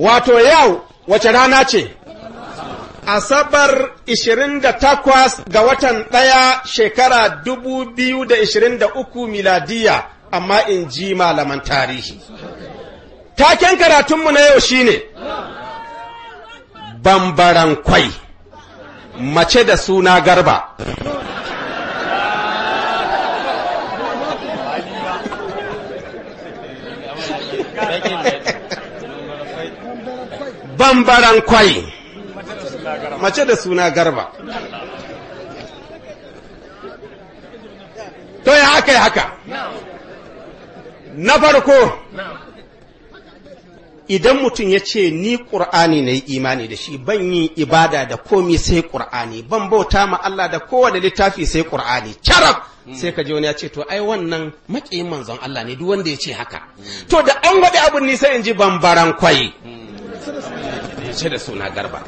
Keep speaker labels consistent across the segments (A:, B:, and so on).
A: wato yau wace rana ce Asabar 28 ga watan ɗaya shekara 2023 miladiya amma in ji malaman tarihi. Taken karatunmu na yau shi ne. bambaran kwai mace da suna garba. bambaran kwai mace da suna garba to ya aka yi haka na farko idan mutum ya ce ni ƙur'ani na yi imani da shi ban yi ibada da komi sai ƙur'ani ban bauta ma Allah da kowane littafi sai ƙur'ani carab sai ka je wani ya ce to ai wannan maƙiyin manzon Allah ne duk wanda ya ce haka to da an waɗi abin nisa in ji bambaran kwai ce da suna garba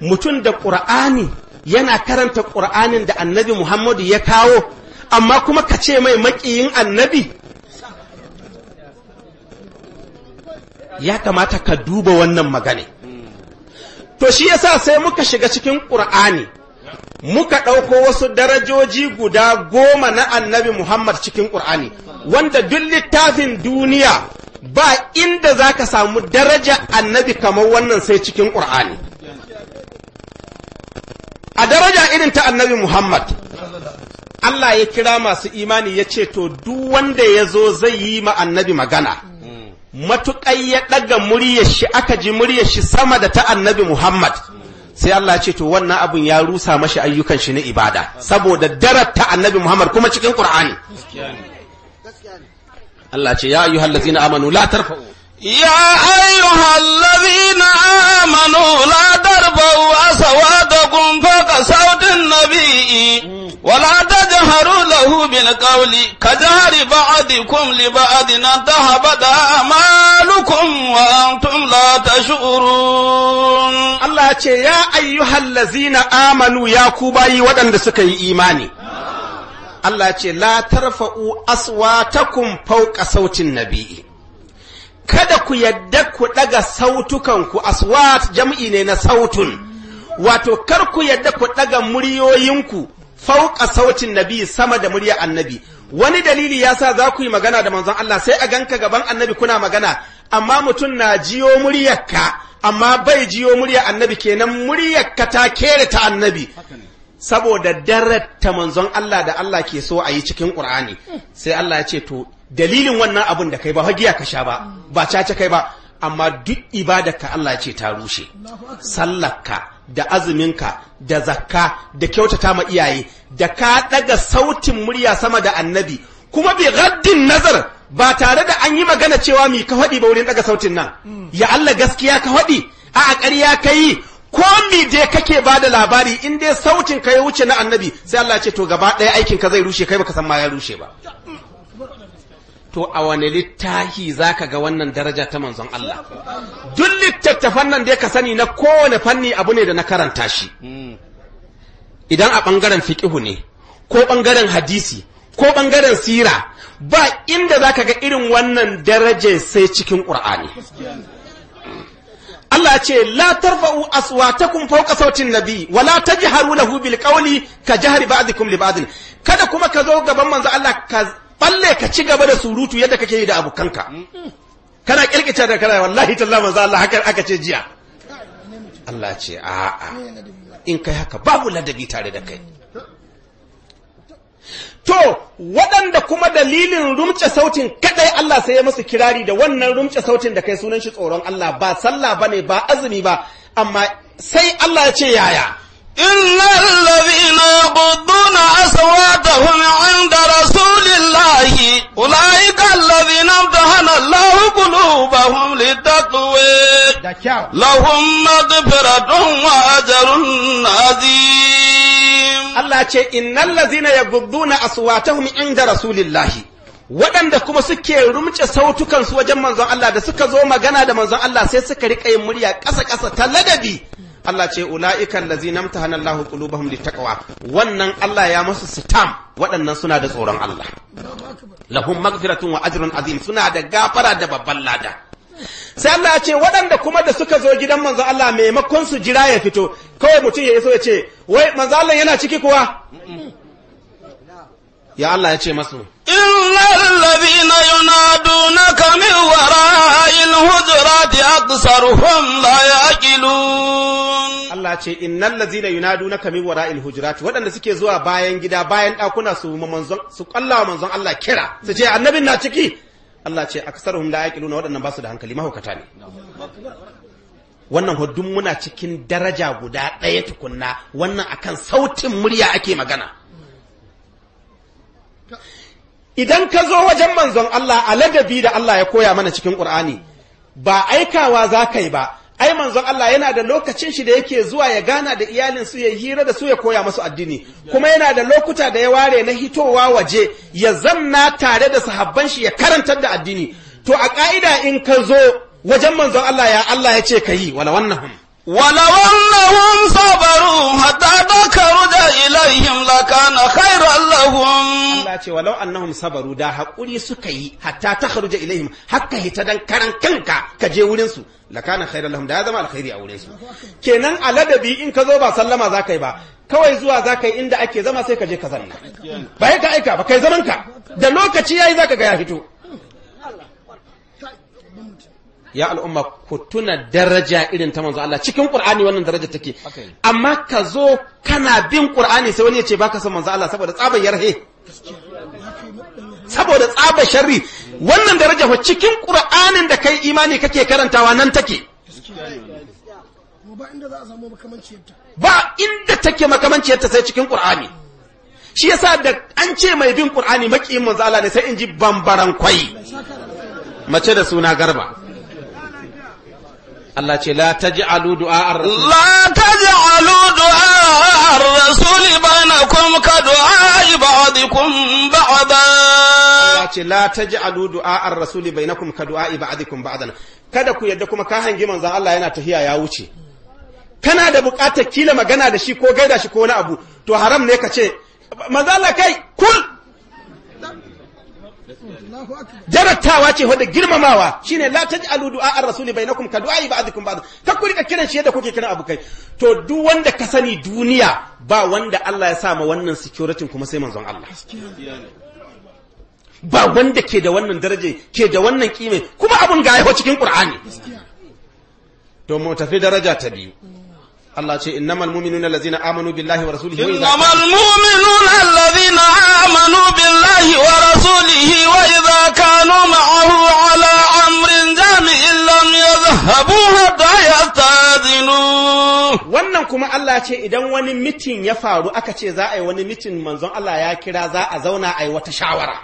A: mutum da ƙur'ani yana karanta ƙur'anin da annabi muhammadu ya kawo amma kuma ka ce mai makiyin annabi ya kamata ka duba wannan magana to shi yasa sai muka shiga cikin ƙur'ani muka ɗauko wasu darajoji guda goma na annabi muhammad cikin ƙur'ani wanda duk littafin duniya ba inda za ka samu daraja annabi kamar wannan sai cikin ƙur'ani a daraja irin ta annabi muhammad Allah ya kira masu imani ya ce to duk wanda ya zo zai yi ma annabi magana matuƙai ya ɗaga muryar shi aka ji muryar shi sama da ta annabi muhammad sai Allah ce to wannan abin ya rusa mashi ayyukan shi na ibada saboda darar ta annabi Muhammad kuma cikin ƙur'ani Allah ce ya ayyuhal ladzina amanu la tarfa'u
B: ya ayyuhal ladzina amanu la tarfa'u asawatakum fawqa sawtin nabiyyi wa la tajharu lahu bil qawli kajhari ba'dikum li ba'din tahabada amalukum wa antum la
A: tash'urun Allah ce ya ayyuhal ladzina amanu ya ku bayi waɗanda suka yi imani Allah ce la tarfa'u aswatakum fawqa sautin nabi kada ku yadda ku daga sautukanku aswat jam'i ne na sautun wato kar ku yadda ku daga muryoyinku fauka sautin nabi sama da murya annabi wani dalili ya sa za ku yi magana da manzon Allah sai a ganka gaban annabi kuna magana amma mutum na jiyo muryarka amma bai jiyo murya annabi kenan muryarka ta kere ta annabi saboda darata manzon Allah da Allah ke so a yi cikin ƙur'ani sai Allah ya ce to dalilin wannan abun da kai ba hagiya ka sha ba ba caca kai ba amma duk ibadarka Allah ya ce ta rushe sallarka da azuminka da zakka da kyautata ma iyaye da ka daga sautin murya sama da annabi kuma bi gaddin nazar ba tare da an yi magana cewa mi ka faɗi ba wurin ɗaga sautin nan ya Allah gaskiya ka faɗi a a ƙarya ka ko mi dai kake ba da labari in dai sautin ka ya wuce na annabi sai Allah ce to gaba ɗaya aikin ka zai rushe kai baka san ma ya rushe ba to a wani littahi zaka ga wannan daraja ta manzon Allah duk littattafan nan dai ka sani na kowane fanni abu ne da na karanta shi idan a ɓangaren fiƙihu ne ko ɓangaren hadisi ko ɓangaren sira ba inda zaka ga irin wannan darajar sai cikin ƙur'ani Allah ya ce la tarfa'u aswatakum fawqa sautin nabi wa la tajharu lahu bil qawli ka jahri ba'dikum li ba'din kada kuma ka zo gaban manzo Allah ka balle ka ci gaba da surutu yadda kake yi da abokanka kana kirkice da kana wallahi tallahi manzo Allah haka aka ce jiya Allah ce a'a in kai haka babu ladabi tare da kai To, waɗanda kuma dalilin rumce sautin kaɗai Allah sai ya musu kirari da wannan rumce sautin da kai sunan shi tsoron Allah ba sallah ba ne ba azumi ba, amma sai Allah ya ce yaya. Inna na asawa aswata hunu inda rasulillahi,
B: ula'ika lalabina da hana lahu kulu ba hun lita
A: lahun magbiradun wa ajarun nazi. Allah ce innal ladzina yaghudduna aswatahum inda rasulillahi waɗanda kuma suke rumce sautukan su wajen manzon Allah da suka zo magana da manzon Allah sai suka rika yin murya ƙasa ƙasa ta ladabi Allah ce ula'ikan ladzina imtahana Allahu qulubahum littaqwa wannan Allah ya masu sitam waɗannan suna da tsoron Allah lahum maghfiratun wa ajrun azim suna da gafara da babban lada sai Allah ya ce waɗanda kuma da suka zo gidan manzo Allah maimakon su jira ya fito kawai mutum ya iso ya ce wai manzo Allah yana ciki kuwa ya Allah ya ce masu
B: illal ladina yunadunaka min wara'il hujurati
A: aktsaruhum la yaqilun Allah ce innal ladina yunadunaka min wara'il hujurati waɗanda suke zuwa bayan gida bayan ɗakuna su manzon su kallawa manzon Allah kira su ce annabin na ciki Allah ce aksaruhum la na waɗannan ba su da hankali mahaukata ne wannan hudun muna cikin daraja guda ɗaya tukunna wannan akan sautin murya ake magana idan ka zo wajen manzon Allah a ladabi da Allah ya koya mana cikin Qur'ani ba aikawa za ka yi ba ai manzon Allah yana da lokacin shi da yake zuwa ya gana da iyalin su ya hira da su ya koya masu addini kuma yana da lokuta da ya ware na hitowa waje ya zanna tare da sahabban shi ya karantar da addini to a ka'ida in ka zo wajen manzon Allah ya Allah ya ce ka yi wala wannan ولو أنهم صبروا حتى ذكروا إليهم لكان خيرا لهم الله ce walau annahum sabaru da haƙuri suka yi hatta ta kharuja ilaihim hakka hita dan karan kanka ka je wurin su lakana khairan lahum da ya zama alkhairi a wurin Kenan a ladabi in ka zo ba sallama za ka yi ba kawai zuwa za ka yi inda ake zama sai ka je ka zanna ba ka aika ba kai zaman ka da lokaci yayi za ka ga ya fito ya al'umma ku tuna daraja irin ta manzo Allah cikin Qur'ani wannan daraja take amma ka zo kana bin Qur'ani sai wani ya ce baka san manzo Allah saboda tsaban yarhe saboda tsaba sharri wannan daraja fa cikin Qur'anin da kai imani kake karantawa nan take
C: ba inda za a samu makamanciyarta
A: ba inda take makamanciyarta sai cikin Qur'ani shi yasa da an ce mai bin Qur'ani makiyin manzo Allah ne sai in ji bambaran kwai mace da suna garba Allah ce la taj'alu al'udu ar-rasul la
B: taj'alu du'a ar-rasul kum ka du'a
A: a ba'dan Allah ce la taj'alu du'a ar-rasul kum ka du'a ba'dikum ba'dan kada ku yadda kuma ka hangi manzan Allah yana tahiya ya wuce kana da buƙatar kila magana da shi ko gaida shi ko wani abu to haram ne ka ce manzon Allah kai kul jarattawa ce wadda girmamawa shine la taj'alu du'a ar-rasuli bainakum ka du'a ba'dikum ba'd ta kuri ka kiran shi yadda kuke kiran abukai to duk wanda ka sani duniya ba wanda Allah ya sa ma wannan security kuma sai manzon Allah ba wanda ke da wannan daraje ke da wannan kime kuma abun ga cikin Qur'ani to mu tafi daraja ta biyu Allah ce innamal mu'minuna allazina amanu billahi wa rasulihi wa idza innamal mu'minuna allazina amanu billahi wa rasulihi wa
B: idza kanu ma'ahu ala amrin jami'in lam yadhhabu hatta
A: yastadinu wannan kuma Allah ce idan wani mitin ya faru aka ce za a yi wani mitin manzon Allah ya kira za a zauna a yi wata shawara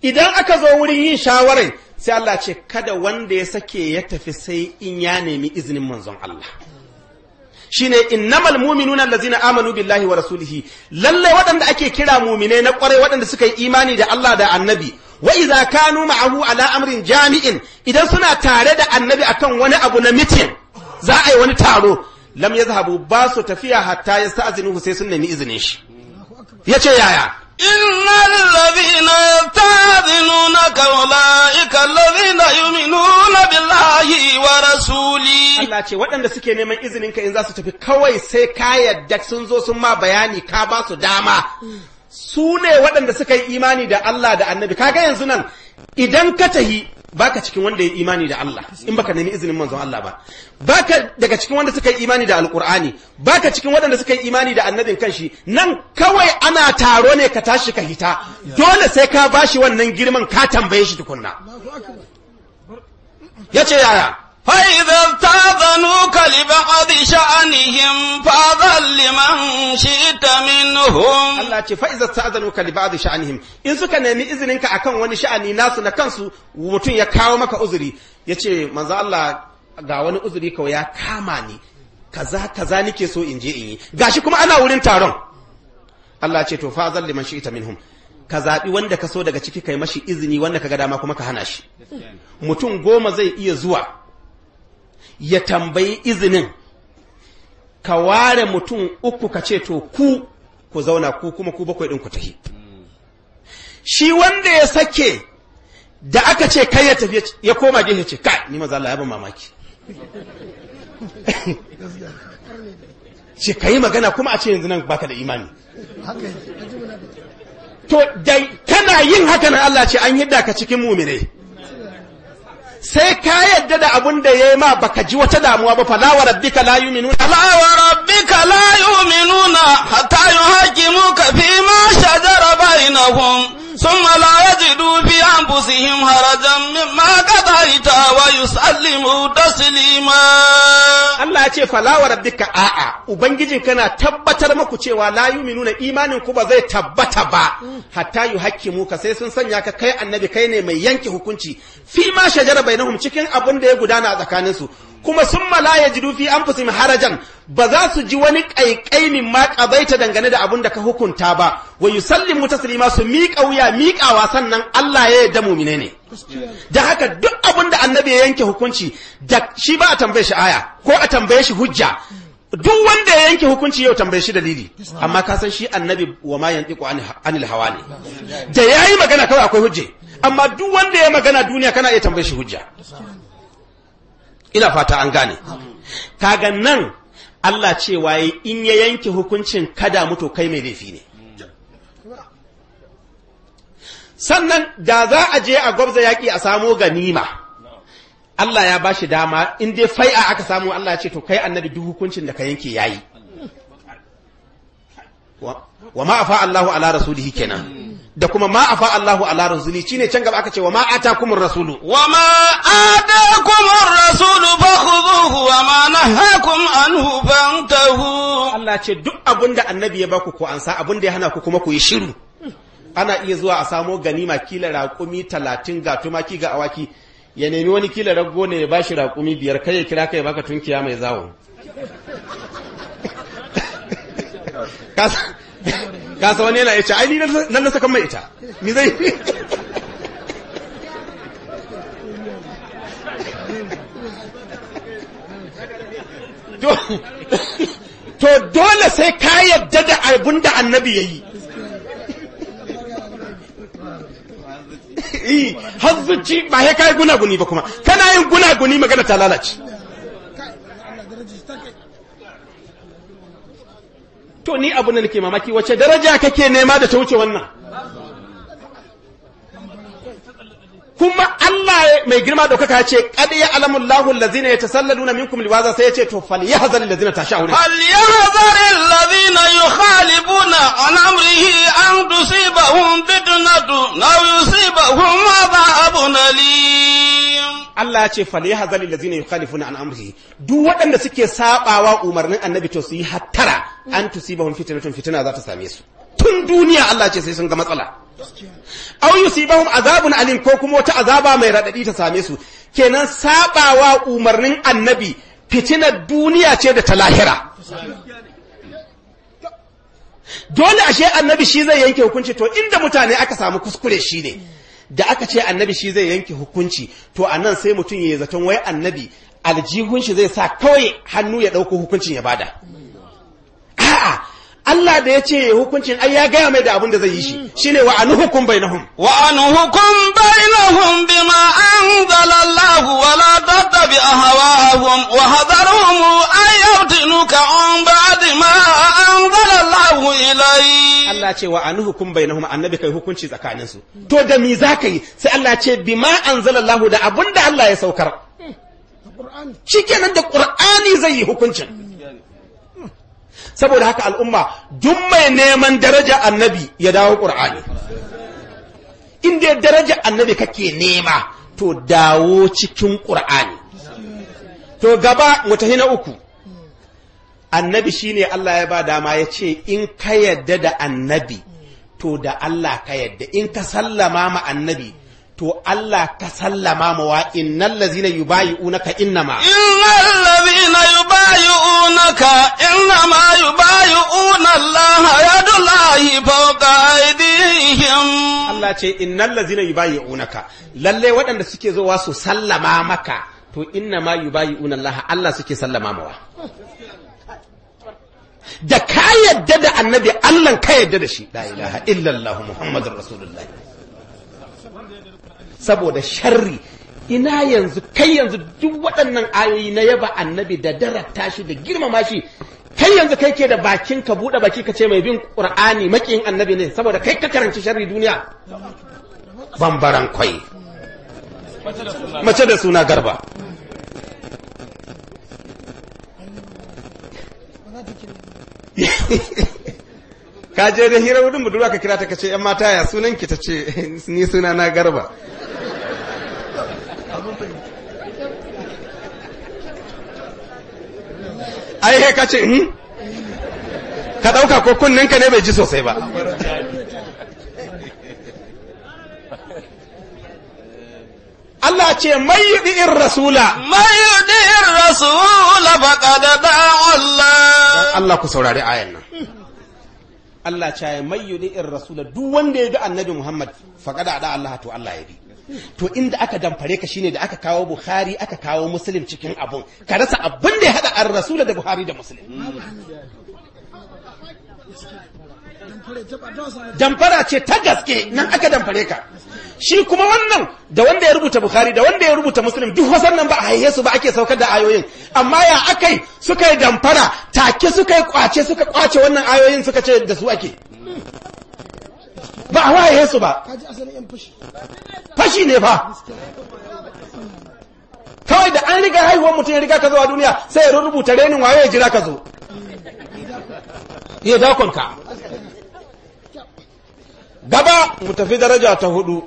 A: idan aka zo wurin yin shawarar sai Allah ce kada wanda ya sake ya tafi sai in ya nemi izinin manzon Allah shine innamal mu'minuna allazina amanu billahi wa rasulihi lalle waɗanda ake kira mu'mine na ƙwarai waɗanda suka yi imani da Allah da annabi wa idza kanu ma'ahu ala amrin jami'in idan suna tare da annabi akan wani abu na mitin za a yi wani taro lam yazhabu ba su tafiya hatta yasta'zinuhu sai sun nemi izinin shi yace yaya
B: إن الذين
A: يتعذنونك Allah ce waɗanda suke neman izinin ka in za su tafi kawai sai ka yadda sun zo sun ma bayani ka ba su dama su ne waɗanda suka yi imani da Allah da annabi kaga yanzu nan idan ka tahi baka cikin wanda ya imani da Allah in baka nemi izinin manzon Allah ba baka daga cikin wanda suka yi imani da alkur'ani baka cikin wanda suka yi imani da annabin kanshi nan kawai ana taro ne ka tashi ka hita dole sai ka bashi wannan girman ka tambaye shi tukunna yace yaya
B: فإذا ابتاذنوك لبعض شأنهم فاذل
A: لمن شئت منهم Allah ce فإذا ابتاذنوك لبعض شأنهم إن sha'anihim in suka nemi izininka akan wani sha'ani nasu na kansu mutum ya kawo maka uzuri yace كويا Allah ga wani uzuri kawai ya kama ni kaza kaza nike so in je in yi gashi kuma ana wurin taron Allah ce to liman minhum ka zaɓi wanda ka so daga ciki kai mashi izini wanda ka ga dama kuma ka hana shi mutum goma zai iya zuwa ya tambayi izinin ka ware mutum uku ka ce to ku ku zauna ku kuma ku bakwai ɗin ku tafi shi wanda ya sake da aka ce kai ya tafi ya koma gehe ce kai ni maza Allah ya ban mamaki ce ka yi magana kuma a ce yanzu nan baka da imani to dai kana yin haka nan Allah ce an yi ka cikin muminai sai ka yadda da abin da ya yi ma baka ji wata damuwa ba fa la wa rabbika la yu'minuna la wa rabbika la
B: yu'minuna hatta yuhakimuka fi ma shajara bainahum thumma la yajidu fi anfusihim harajan mimma qadaita wa yusallimu
A: Allah ya ce falawar wa rabbika a'a ubangijin kana tabbatar maku cewa la nuna imanin ku ba zai tabbata ba hatta yu hakimu ka sai sun sanya ka kai annabi kai ne mai yanke hukunci fi ma shajara bainahum cikin abin da ya gudana a tsakanin su kuma sun mala la yajidu fi anfusihim harajan ba za su ji wani kaikaimin ma qabaita dangane da abun da ka hukunta ba wa yusallimu taslima su miƙa wuya miƙawa sannan Allah ya yarda mu'mine ne da haka duk abin da annabi ya yanke hukunci da shi ba a tambaye shi aya ko a tambaye shi hujja duk wanda ya yanke hukunci yau tambaye shi dalili amma ka san shi annabi wa ma yantiqu anil hawa ne da yayi magana kawai akwai hujje amma duk wanda ya magana duniya kana iya tambaye shi hujja ina fata an gane kaga nan Allah cewa in ya yanke hukuncin kada mutu kai mai laifi ne sannan da za a je a gwabza yaƙi a samo ganima Allah ya ba shi dama in dai fai'a aka samu Allah ya ce to kai annabi duk hukuncin da ka yanke yayi wa ma afa Allahu ala rasulihi kenan da kuma ma afa Allahu ala rasuli shine can gaba aka ce wa ma atakumur rasulu wa ma atakumur rasulu fakhudhuhu wa ma nahakum anhu fantahu Allah ce duk abinda annabi ya baku ko ansa abinda ya hana ku kuma ku yi shiru ana iya zuwa a samo ganima kila raƙumi talatin ga tumaki ga awaki ya nemi wani kila rago ne ya bashi raƙumi biyar kai ya kira kai baka tunkiya mai zawo kasa wani yana ita, ai ni nan na sakan mai ita ni zai to dole sai ka yadda da abun da annabi ya yi Eh, hazzuci ba ya kai gunaguni ba kuma kana yin gunaguni magana ta lalace to ni abu ne nake mamaki wacce daraja kake nema da ta wuce wannan kuma Allah mai girma daukaka ya ce ya alamu Allahu allazina yatasallaluna minkum liwaza sai ya ce to falyahzar allazina fal falyahzar allazina yukhalibuna an amrihi an tusibahum fitnatu aw yusibahum adhabun alim Allah ya ce falyahzar allazina yukhalifuna an amrihi duk waɗanda suke sabawa umarnin annabi to su yi hattara an tusibahum fitnatun fitna za ta same su tun duniya Allah ce sai sun ga matsala aw yusibahum azabun alim ko kuma wata azaba mai raɗaɗi ta same su kenan saɓawa umarnin annabi fitinar duniya ce da ta lahira dole ashe annabi shi zai yanke hukunci to inda mutane aka samu kuskure shi ne da aka ce annabi shi zai yanke hukunci to a nan sai mutum ya yi zaton wai annabi aljihun shi zai sa kawai hannu ya ɗauko hukuncin ya bada a'a Allah da ya ce hukuncin ai ya gaya mai da abin da zai yi shi shine wa anuhukum bainahum wa na bainahum bima anzala Allah wa la tattabi
B: ahwaahum wa hadarhum ayyatinuka an ba'd ma anzala Allah
A: ilai Allah ce wa anuhukum bainahum annabi kai hukunci tsakanin su to da mi zaka yi sai Allah ce bima anzala Allah da abin da Allah ya saukar hmm, Qur'ani shikenan da Qur'ani zai yi hukuncin saboda haka al'umma duk mai neman daraja annabi ya dawo qur'ani in dai daraja annabi kake nema to dawo cikin qur'ani to gaba mutahi na uku annabi shine Allah ya ba dama ya ce in ka yadda da annabi to da Allah ka yadda in ka sallama ma annabi to Allah ka sallama ma wa innal ladhina yubayyi'unaka innama
B: innal ladhina yubayyi'unaka innama yubayyi'una Allah yadullahi
A: fawqa aydihim Allah ce innal ladhina yubayyi'unaka lalle waɗanda suke zowa su sallama maka to innama yubayyi'una Allah Allah suke sallama mawa da ka yadda da annabi Allah ka yadda da shi la ilaha illallah muhammadur rasulullah saboda sharri ina yanzu kai yanzu duk waɗannan ayoyi na yaba annabi da darata shi da girmama shi kai yanzu kai ke da bakin ka buɗe baki ka ce mai bin ƙur'ani makiyin annabi ne saboda kai ka karanci sharri duniya bambaran kwai mace da suna garba ka je da hira wurin budurwa ka kira ta ka ce ‘yan mata ya sunan ki ta ce ni suna na garba ai he ka ce hmm ka dauka ko kunninka ne bai ji sosai ba Allah ce mai yi in rasula. Mai yi in rasula baka da Allah. Allah ku saurari ayan nan. Allah ce mai yi in rasula duk wanda ya bi annabi Muhammad faƙada da Allah to Allah ya bi. to inda aka damfare ka shine da aka kawo bukhari aka kawo muslim cikin abun ka rasa abun da ya hada an rasula da bukhari da muslim damfara ce ta gaske nan aka damfare ka shi kuma wannan da wanda ya rubuta bukhari da wanda ya rubuta muslim duk wasan nan ba a haihe su ba ake saukar da ayoyin amma ya akai suka yi damfara take suka yi kwace suka kwace wannan ayoyin suka ce da su ake ba a waye su ba fashi ne fa kawai da an riga haihuwar mutum ya riga ka zuwa duniya sai ya rubuta renin waye ya jira ka zo ya dakonka gaba mu tafi daraja ta hudu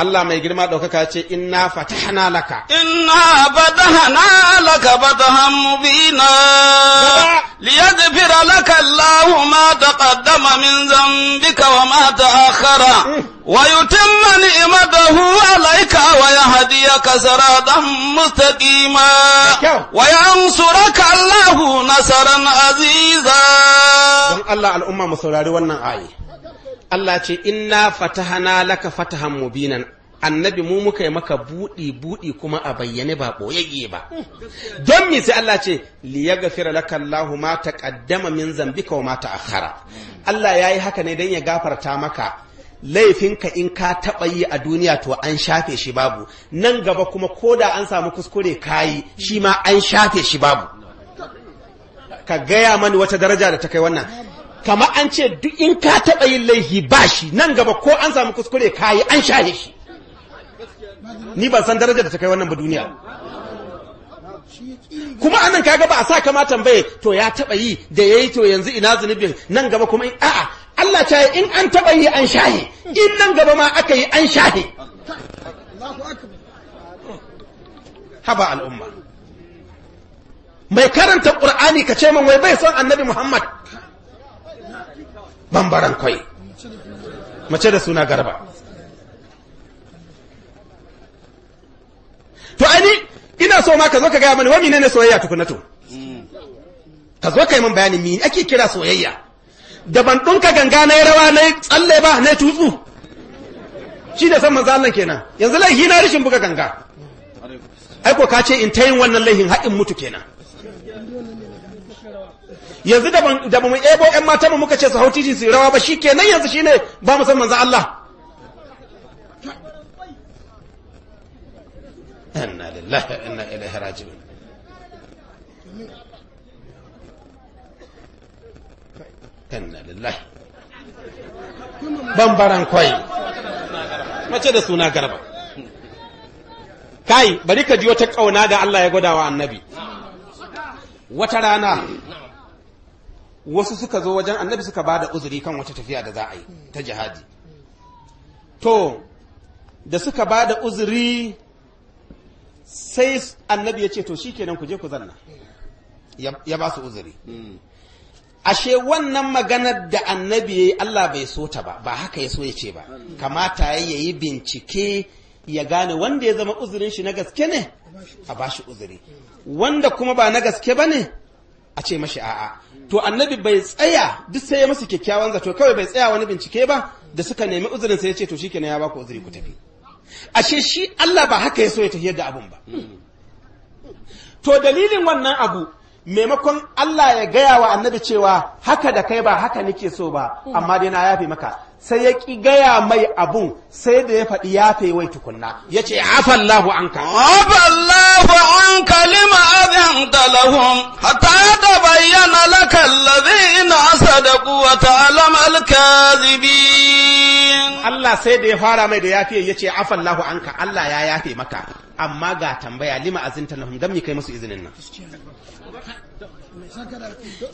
A: Allah mai girma ɗaukaka ce inna fatahna laka.
B: Inna fatahna laka fatahan mubina. Liyadfira laka Allahu ma taqaddama min zambika wa ma ta'akhara. Mm. Wa yutimma ni'matahu alayka wa yahdiyaka siratan mustaqima.
A: Wa yansuraka Allahu nasaran aziza. Don Allah al'umma mu saurari wannan ayi. Allah ce inna fatahana laka fatahan mubinan annabi mu muka yi maka buɗi buɗi kuma a bayyane ba ɓoyayye ba don me sai Allah ce liyaghfira laka Allahu ma taqaddama min zambika wa ma ta'akhkhara Allah yayi haka ne dan ya gafarta maka laifinka in ka taɓa yi a duniya to an shafe shi babu nan gaba kuma ko da an samu kuskure kayi shi ma an shafe shi babu ka gaya mani wata daraja da ta kai wannan kama an ce duk in ka taɓa yin laifi ba shi nan gaba ko an samu kuskure ka yi an shaye shi ni ban san darajar da ta kai wannan ba duniya kuma anan kaga ba a sa kama tambaye to ya taɓa yi da ya yi to yanzu ina zunubin nan gaba kuma in a'a Allah ta in an taɓa yi an shahe in nan gaba ma aka yi an shahe haba al'umma mai karanta ƙur'ani ka ce min wai bai son annabi muhammad bambaran kwai mace da suna garba to ani ina so ma ka zo ka gaya mani wani ne soyayya tukuna to ka zo ka yi min bayani mini ake kira soyayya da ban ɗunka ganga na rawa na tsalle ba na tutsu shi da san manzo Allah kenan yanzu laihi na rashin buga ganga ai ka ce in ta yin wannan laihin haɗin mutu kenan yanzu da da mu ebo ‘yan mata mu muka ce su hau titi su rawa ba shi kenan yanzu shine ba mu san manzo Allah. Inna
B: lillahi inna ilaihi
A: raji'un. Inna lillahi. Bambaran kwai. Mace da suna garba. Kai, bari ka ji wata kauna da Allah ya gwada wa annabi. Wata rana, wasu suka zo wajen annabi suka ba da uzuri kan wata tafiya da za a yi ta jihadi to da suka ba da uzuri sai annabi ya ce to shikenan ku je ku zanna ya ba su uzuri ashe wannan maganar da annabi ya yi Allah bai so ta ba ba haka ya so ya ce ba kamata ya yi bincike ya gane wanda ya zama uzurin shi na gaske ne a ba shi uzuri wanda kuma ba na gaske ba ne a ce mashi a'a to annabi bai tsaya duk sai ya musu kyakkyawan zato kawai bai tsaya wani bincike ba da suka nemi uzurin sai ya ce to shikenan ya baku uzuri ku tafi ashe shi Allah ba haka ya so ya tafiyar da abun ba to dalilin wannan abu maimakon Allah ya gaya wa annabi cewa haka da kai ba haka nike so ba hmm. amma dai na yafe maka sai ya ki gaya mai abun sai da ya faɗi yafe wai tukunna ya ce afallahu anka
B: afallahu anka lima adhanta lahum hatta tabayyana laka alladhina
A: sadaqu wa ta'lam al-kadhibin Allah sai da ya fara mai da yafe ya ce afallahu anka Allah ya yafe maka amma ga tambaya lima ta lahum dan mi kai musu izinin nan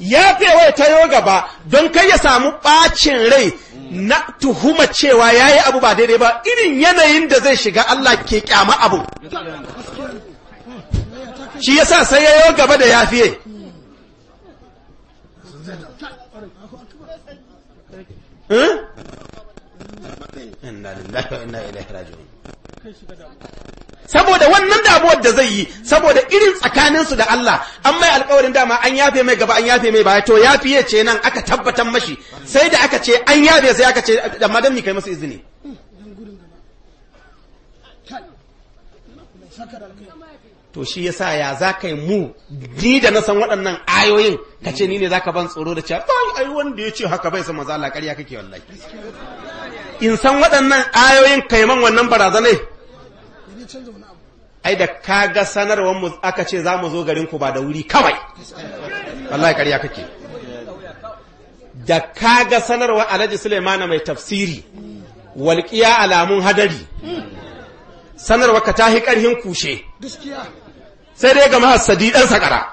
A: ya wai ta yo gaba don kai ya samu ɓacin rai na tuhuma cewa ya yi abu ba daidai ba irin yanayin da zai shiga Allah ke kyama abu shi ya sa sai ya yi gaba da ya fiye hmm? inna saboda wannan damuwar da zai yi saboda irin tsakaninsu da Allah an mai alkawarin dama an yafe mai gaba an yafe mai baya to ya fiye ce nan aka tabbatar mashi sai da aka ce an yafe sai aka ce da madan mi kai masa izini to shi yasa ya za ka yi mu ni da na san waɗannan ayoyin ka ce ni ne za ka ban tsoro da cewa ba ai wanda ya ce haka bai san maza Allah ƙarya kake wallahi in san waɗannan ayoyin kaiman wannan barazanai ya canza wani abu ai da kaga sanarwar mu aka ce za mu zo garin ku ba da wuri kawai wallahi ƙarya kake da kaga sanarwar Alhaji Suleimana mai tafsiri walƙiya alamun hadari
C: sanarwar ka tahi ƙarhin
A: kushe sai dai ga sadi dan sakara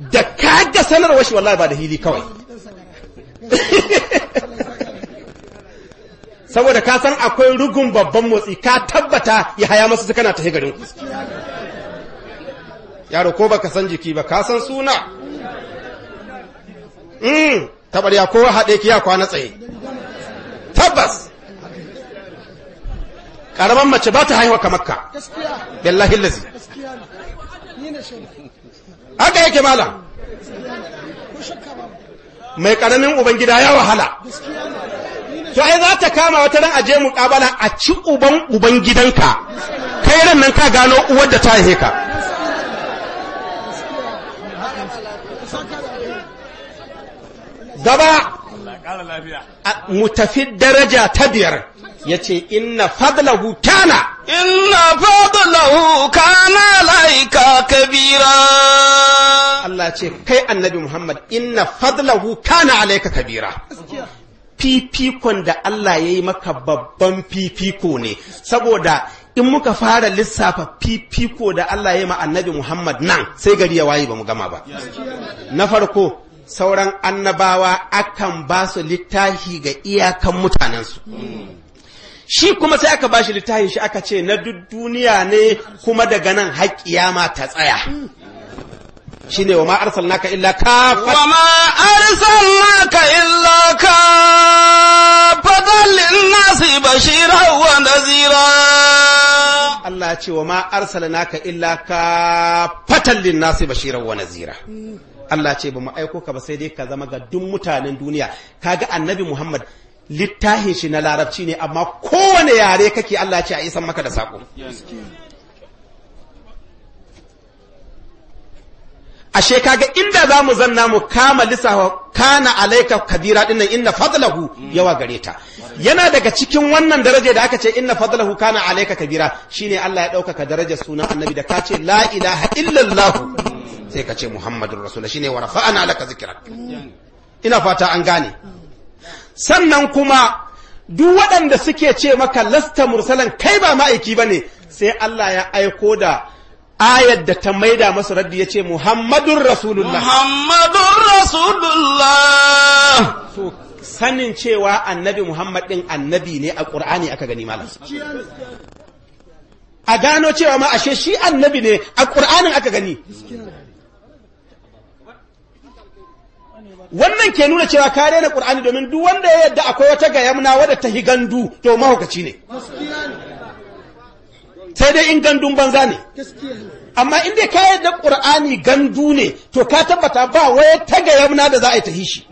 A: da kaga sanarwar shi wallahi ba da hili kawai saboda ka san akwai rugun babban motsi ka tabbata ya haya masu kana tafi garin yaro ko baka san jiki ba ka san suna mm ya ko haɗe ki ya kwana tsaye tabbas karaman mace ba ta haihuwa ka makka billahi lazi haka yake malam mai karamin ubangida ya wahala to ai za ta kama wata ran aje mu kabala a ci uban uban gidanka kai ran nan ka gano uwar da ta haife ka gaba mu tafi daraja ta biyar yace inna fadlahu kana inna fadlahu kana laika kabira Allah ce kai annabi Muhammad inna fadlahu kana alaika kabira fifikon da Allah ya yi maka babban fifiko ne saboda in muka fara lissafa fifiko da Allah ya yi ma annabi Muhammad nan sai gari ya waye ba mu gama ba na farko sauran annabawa akan ba su littafi ga iyakan mutanensu shi kuma sai aka ba shi littafi shi aka ce na duk duniya ne kuma daga nan har ma ta tsaya ne wa ma arsalnaka illa ka wa ma arsalnaka illa ka fadalin nasi bashira wa nazira Allah ce wa ma arsalnaka illa ka fatallin nasi bashira wa nazira Allah ce ba mu aiko ka ba sai dai ka zama ga duk mutanen duniya kaga annabi Muhammad littafin shi na larabci ne amma kowane yare kake Allah ce a isan maka da sako ashe kaga inda za mu zanna mu kama lissafa kana alaika kabira dinnan inna fadlahu yawa gare ta yana daga cikin wannan daraja da aka ce inna fadlahu kana alaika kabira shine Allah ya ɗaukaka daraja sunan annabi da ka ce la ilaha illallah sai ka ce muhammadur rasul shine wa rafa'ana laka zikra ina fata an gane sannan kuma duk waɗanda suke ce maka lasta mursalan kai ba ma'aiki bane sai Allah ya aiko da ayar da ta maida masa raddi ya ce Muhammadun Rasulullah. Muhammadun Rasulullah. So, sanin cewa annabi Muhammad ɗin annabi ne a ƙur'ani aka gani malam. A gano cewa ma ashe shi annabi ne a ƙur'anin aka gani. Wannan ke nuna cewa ka rena ƙur'ani domin duk wanda ya yadda akwai wata gayamna wadda ta higandu to mahaukaci ne. sai dai in gandun banza ne amma in dai ka yadda ƙur'ani gandu ne to ka tabbata ba waya ga yamna da za a yi ta hishi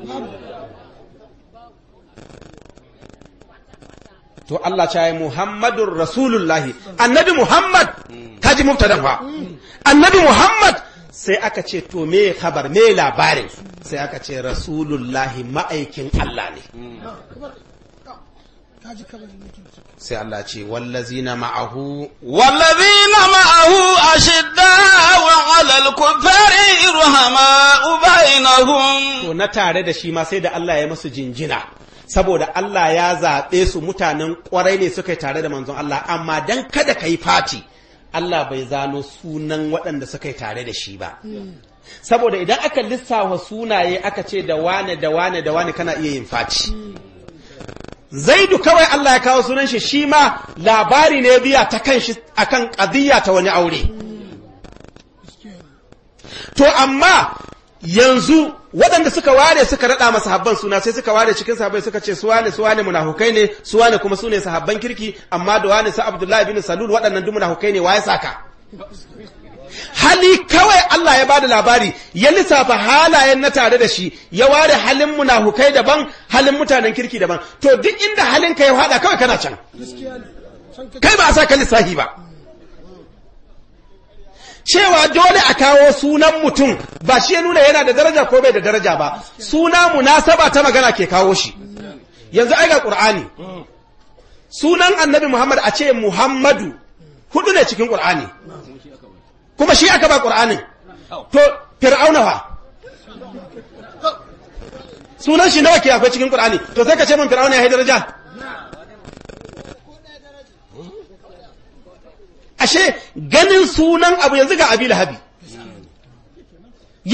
A: to Allah ya yi Muhammadun Rasulullahi annabi Muhammad kaji mubtadan fa annabi Muhammad sai aka ce to me khabar me labarin sai aka ce Rasulullahi ma'aikin Allah ne
C: hmm.
A: sai Allah ce wallazina ma'ahu wallazina ma'ahu ashidda
B: wa 'alal kuffari ruhama bainahum
A: to na tare da shi ma sai da Allah ya masu jinjina saboda Allah ya zaɓe su mutanen ƙwarai ne suka yi tare da manzon Allah amma dan kada ka yi fati Allah bai zano sunan waɗanda suka yi tare da shi ba saboda idan aka lissafa sunaye aka ce da wane da wane da wane kana iya yin fati. zaidu kawai Allah ya kawo sunan shi shi ma labari ne biya ta kan shi akan ƙadiyya ta wani aure to amma yanzu waɗanda suka ware suka raɗa masa habban suna sai suka ware cikin sahabbai suka ce suwane suwane munafukai ne wane kuma su ne sahabban kirki amma da wane su Abdullahi bin Salul waɗannan duk munafukai ne waye saka hali kawai Allah ya bada labari ya lissafa halayen na tare da shi ya ware halin munafukai daban halin mutanen kirki daban to duk inda halin ka ya hada kawai kana can kai ba a sa ka lissafi ba cewa dole a kawo sunan mutum ba shi ya nuna yana da daraja ko bai da daraja ba suna munasaba ta magana ke kawo shi yanzu ai ga qur'ani sunan annabi muhammad a ce muhammadu hudu ne cikin qur'ani kuma shi aka ba ƙur'anin to fir'aunawa sunan shi nawa ke akwai cikin ƙur'ani to sai ka ce min fir'auna ya yi daraja ashe ganin sunan abu yanzu ga abi lahabi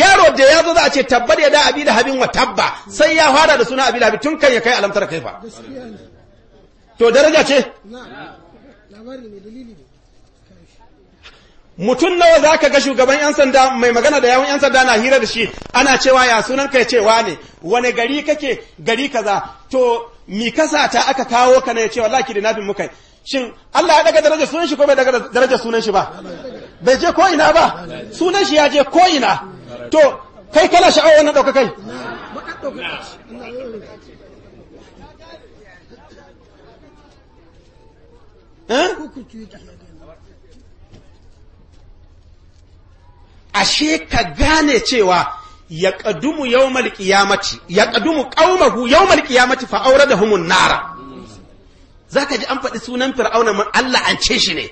A: yaro da ya zo za a ce tabbar ya da abi lahabin wa tabba sai ya fara da sunan abi lahabi tun kan ya kai alamtar kaifa to daraja ce labari ne dalili mutum nawa za ka ga shugaban 'yan sanda mai magana da yawon 'yan sanda na hira da shi ana cewa ya sunan kai cewa ne wane gari kake gari kaza to mi kasa ta aka kawo ka ya cewa laki da nafin mukai shin Allah ya daga daraja sunan shi ko bai daga daraja sunan shi ba bai je ko ina ba sunan shi ya je ko ina to kai kana sha'awar wannan dauka kai eh ashe ka gane cewa ya ƙadumu yau qiyamati ya ƙadumu qaumahu yawmal qiyamati fa humun nara ka ji an faɗi sunan fir'auna Allah an ce shi ne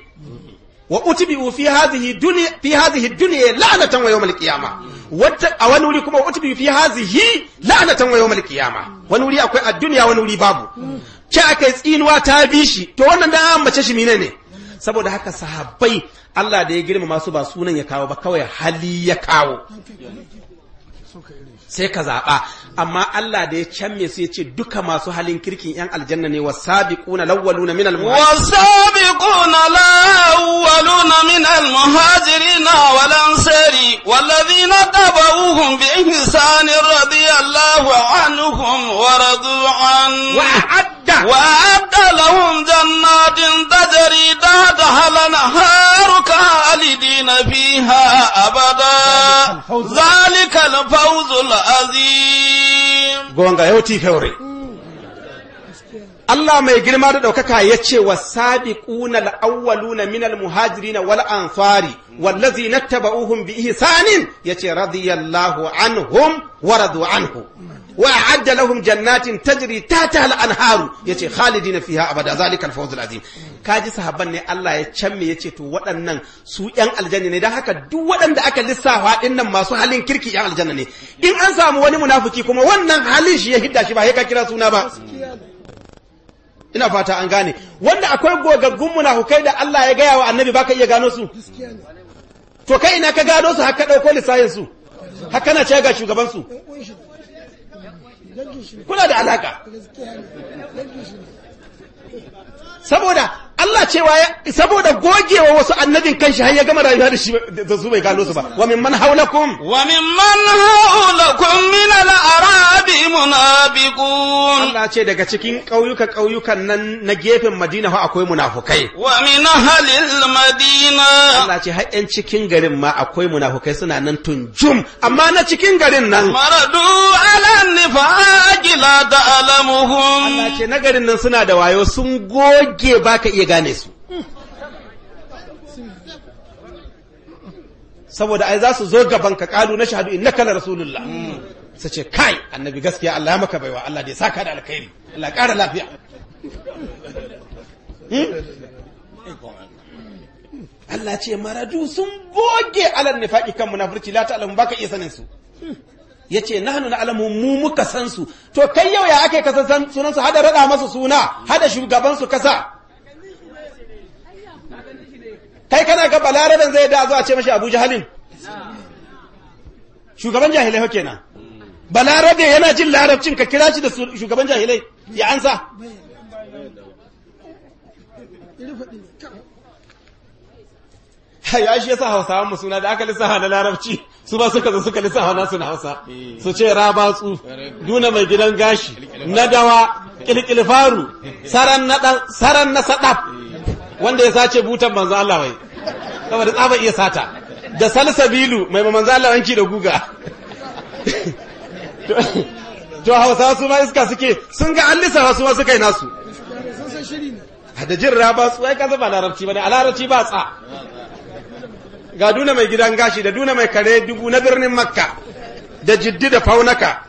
A: wa utbi'u fi hadhihi dunya fi hadhihi duniya la'natan wa yawmal qiyama wata a wani wuri kuma wa utbi'u fi hadhihi la'natan wa yawmal qiyama wani wuri akwai a duniya wani wuri babu ce akai tsinuwa ta bi shi to wannan da an mace shi menene ne saboda haka sahabbai Allah da ya girmama su ba sunan ya kawo ba kawai hali ya kawo sai ka zaɓa amma Allah da ya canme su ya ce duka masu halin kirkin ‘yan aljanna ne wasabiquna na minal wasabiquna lawwaluna minal muhajirina
B: wal ansari wallazina tabauhum bi ihsanin radiyallahu anhum wa radu an وأبدى لهم جنات تجري تحتها الأنهار خالدين فيها أبدا ذلك الفوز العظيم
A: غونغا يوتي فوري Allah mai girma da ɗaukaka ya ce wa sabiquna al-awwaluna min al-muhajirin wal ansari wallazina tabauhum bi ihsanin yace radiyallahu anhum wa radu anhu wa a'adda lahum jannatin tajri tahtaha al-anharu yace khalidina fiha abada zalika al-fawz al-azim kaji sahabban ne Allah ya canme yace to waɗannan su yan aljanna ne dan haka duk waɗanda aka lissafa din nan masu halin kirki yan aljanna ne in an samu wani munafiki kuma wannan halin shi ya hidda shi ba sai ka kira suna ba ina fata an gane wanda akwai gogaggun munafukai da Allah ya gaya wa annabi baka iya gano su to kai ina ka gado su haka ka dauko lissafin su har kana ga shugaban su
C: kuna da alaka
A: saboda Allah cewa saboda gogewa wasu annabin kanshi har ya gama rayuwa da shi da su bai gano su ba wa min man haulakum wa min man haulakum min al-arabi munafiqun Allah ce daga cikin kauyuka kauyukan nan na gefen Madina fa akwai munafukai wa min halil madina Allah ce har yan cikin garin ma akwai munafukai suna nan tunjum amma na cikin garin nan maradu
B: ala nifaqi la ta'lamuhum Allah
A: ce na garin nan suna da wayo sun goge baka iya iya gane su saboda ai za su zo gaban ka kalu na shahadu innaka la rasulullah su ce kai annabi gaskiya Allah ya maka baiwa Allah da ya saka da alkhairi Allah ya kara lafiya hmm? Allah ce maradu sun goge alal nifaqi kan munafurci la ta'lamu baka iya sanin su yace nahnu na'lamu mu muka san su to kai yau ya ake kasan sunan su hada rada masa suna hada shugaban su kasa kai kana ga balaraben zai da zuwa ce mashi abu jahalin shugaban jahilai ho kenan balarabe yana jin larabcin ka kira shi da shugaban jahilai ya ansa ya shi yasa hausawan mu suna da aka lissafa na larabci su ba suka zo suka lissafa nasu na hausa su ce rabatsu duna mai gidan gashi na dawa faru saran na sadaf wanda ya sace butan manzo Allah wai da tsaba iya sata da salsabilu mai manzo Allah wanki da guga to hausa su ma iska suke sun ga an lissa su ma suka yi nasu da jin raba su ai kaza ba larabci ba ne a ba tsa ga duna mai gidan gashi da duna mai kare dubu na birnin makka da jiddi da faunaka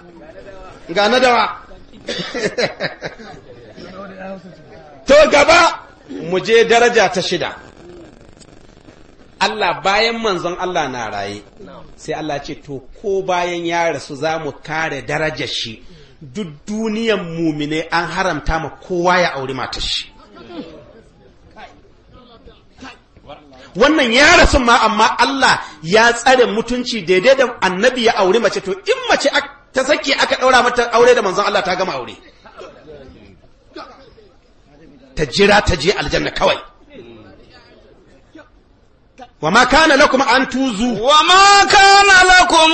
A: ga nadawa to gaba mu je daraja ta shida Allah bayan manzon Allah na raye sai Allah ce to ko bayan ya rasu za mu kare daraja shi duk duniyan mumine an haramta ma kowa ya auri matar shi wannan ya rasu ma amma Allah ya tsare mutunci daidai da annabi ya auri mace to in mace ta sake aka ɗaura mata aure da manzon Allah ta gama aure ta jira ta je aljanna kawai وما كان لكم أن توزوا وما كان لكم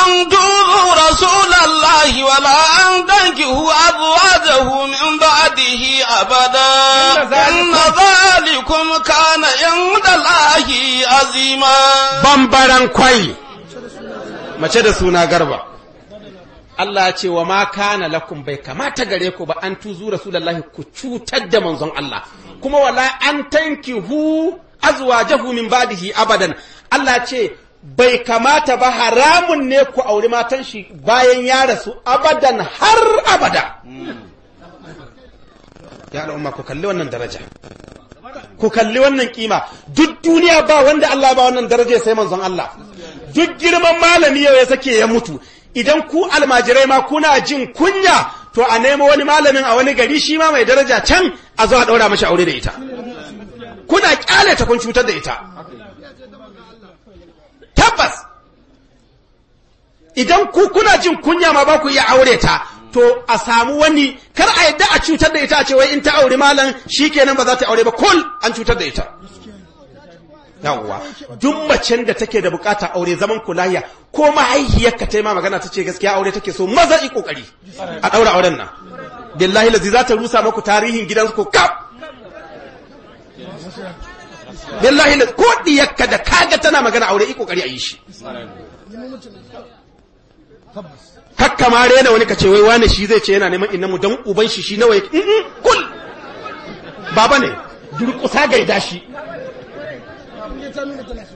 A: أن توزوا رسول الله
B: ولا أن تنكحوا أزواجه من بعده أبدا إن ذلكم كان عند الله عظيما
A: بمبران كوي ما تشد سونا غربا Allah ya ce wa ma kana lakum bai kamata gare ku ba an tuzu rasulullahi ku cutar da manzon Allah kuma wala an tanki hu azwajahu min badihi abadan Allah ce bai kamata ba haramun ne ku auri matan shi bayan ya rasu abadan har abada ya al'umma ku kalli wannan daraja ku kalli wannan kima duk duniya ba wanda Allah ba wannan daraja sai manzon Allah duk girman malami yau ya sake ya mutu idan ku almajirai ma kuna jin kunya to a nemo wani malamin a wani gari shi ma mai daraja can a zo a daura mashi aure da ita kuna kyale ta kun cutar da ita tabbas idan ku kuna jin kunya ma ba ku iya aure ta to a samu wani kar a yadda a cutar da ita a ce wai in ta aure malam shikenan ba za ta aure ba kul an cutar da ita yawwa duk macen da take da bukata aure zaman kulayya ko mahaihiyarka ka tai ma magana ta ce gaskiya aure take so maza yi kokari a daura auren nan billahi lazi za ta rusa maku tarihin gidansu ko kaf billahi lazi ko diyarka da kaga tana magana aure yi kokari a yi shi kakka ma rena wani kace wai wani shi zai ce yana neman inna mu dan uban shi shi nawa kul baba ne durƙusa gaida shi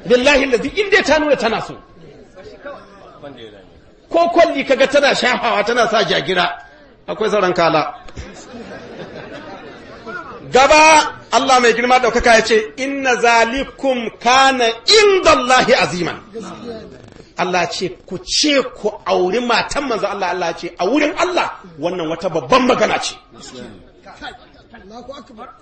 A: billahi lazi inda ya ta nuna tana so ko kwalli kaga tana shahawa tana sa jagira akwai sauran kala gaba Allah mai girma daukaka ya ce inna zalikum kana inda Allah aziman Allah ce ku ce ku auri matan manzo Allah Allah ce a wurin Allah wannan wata babban magana ce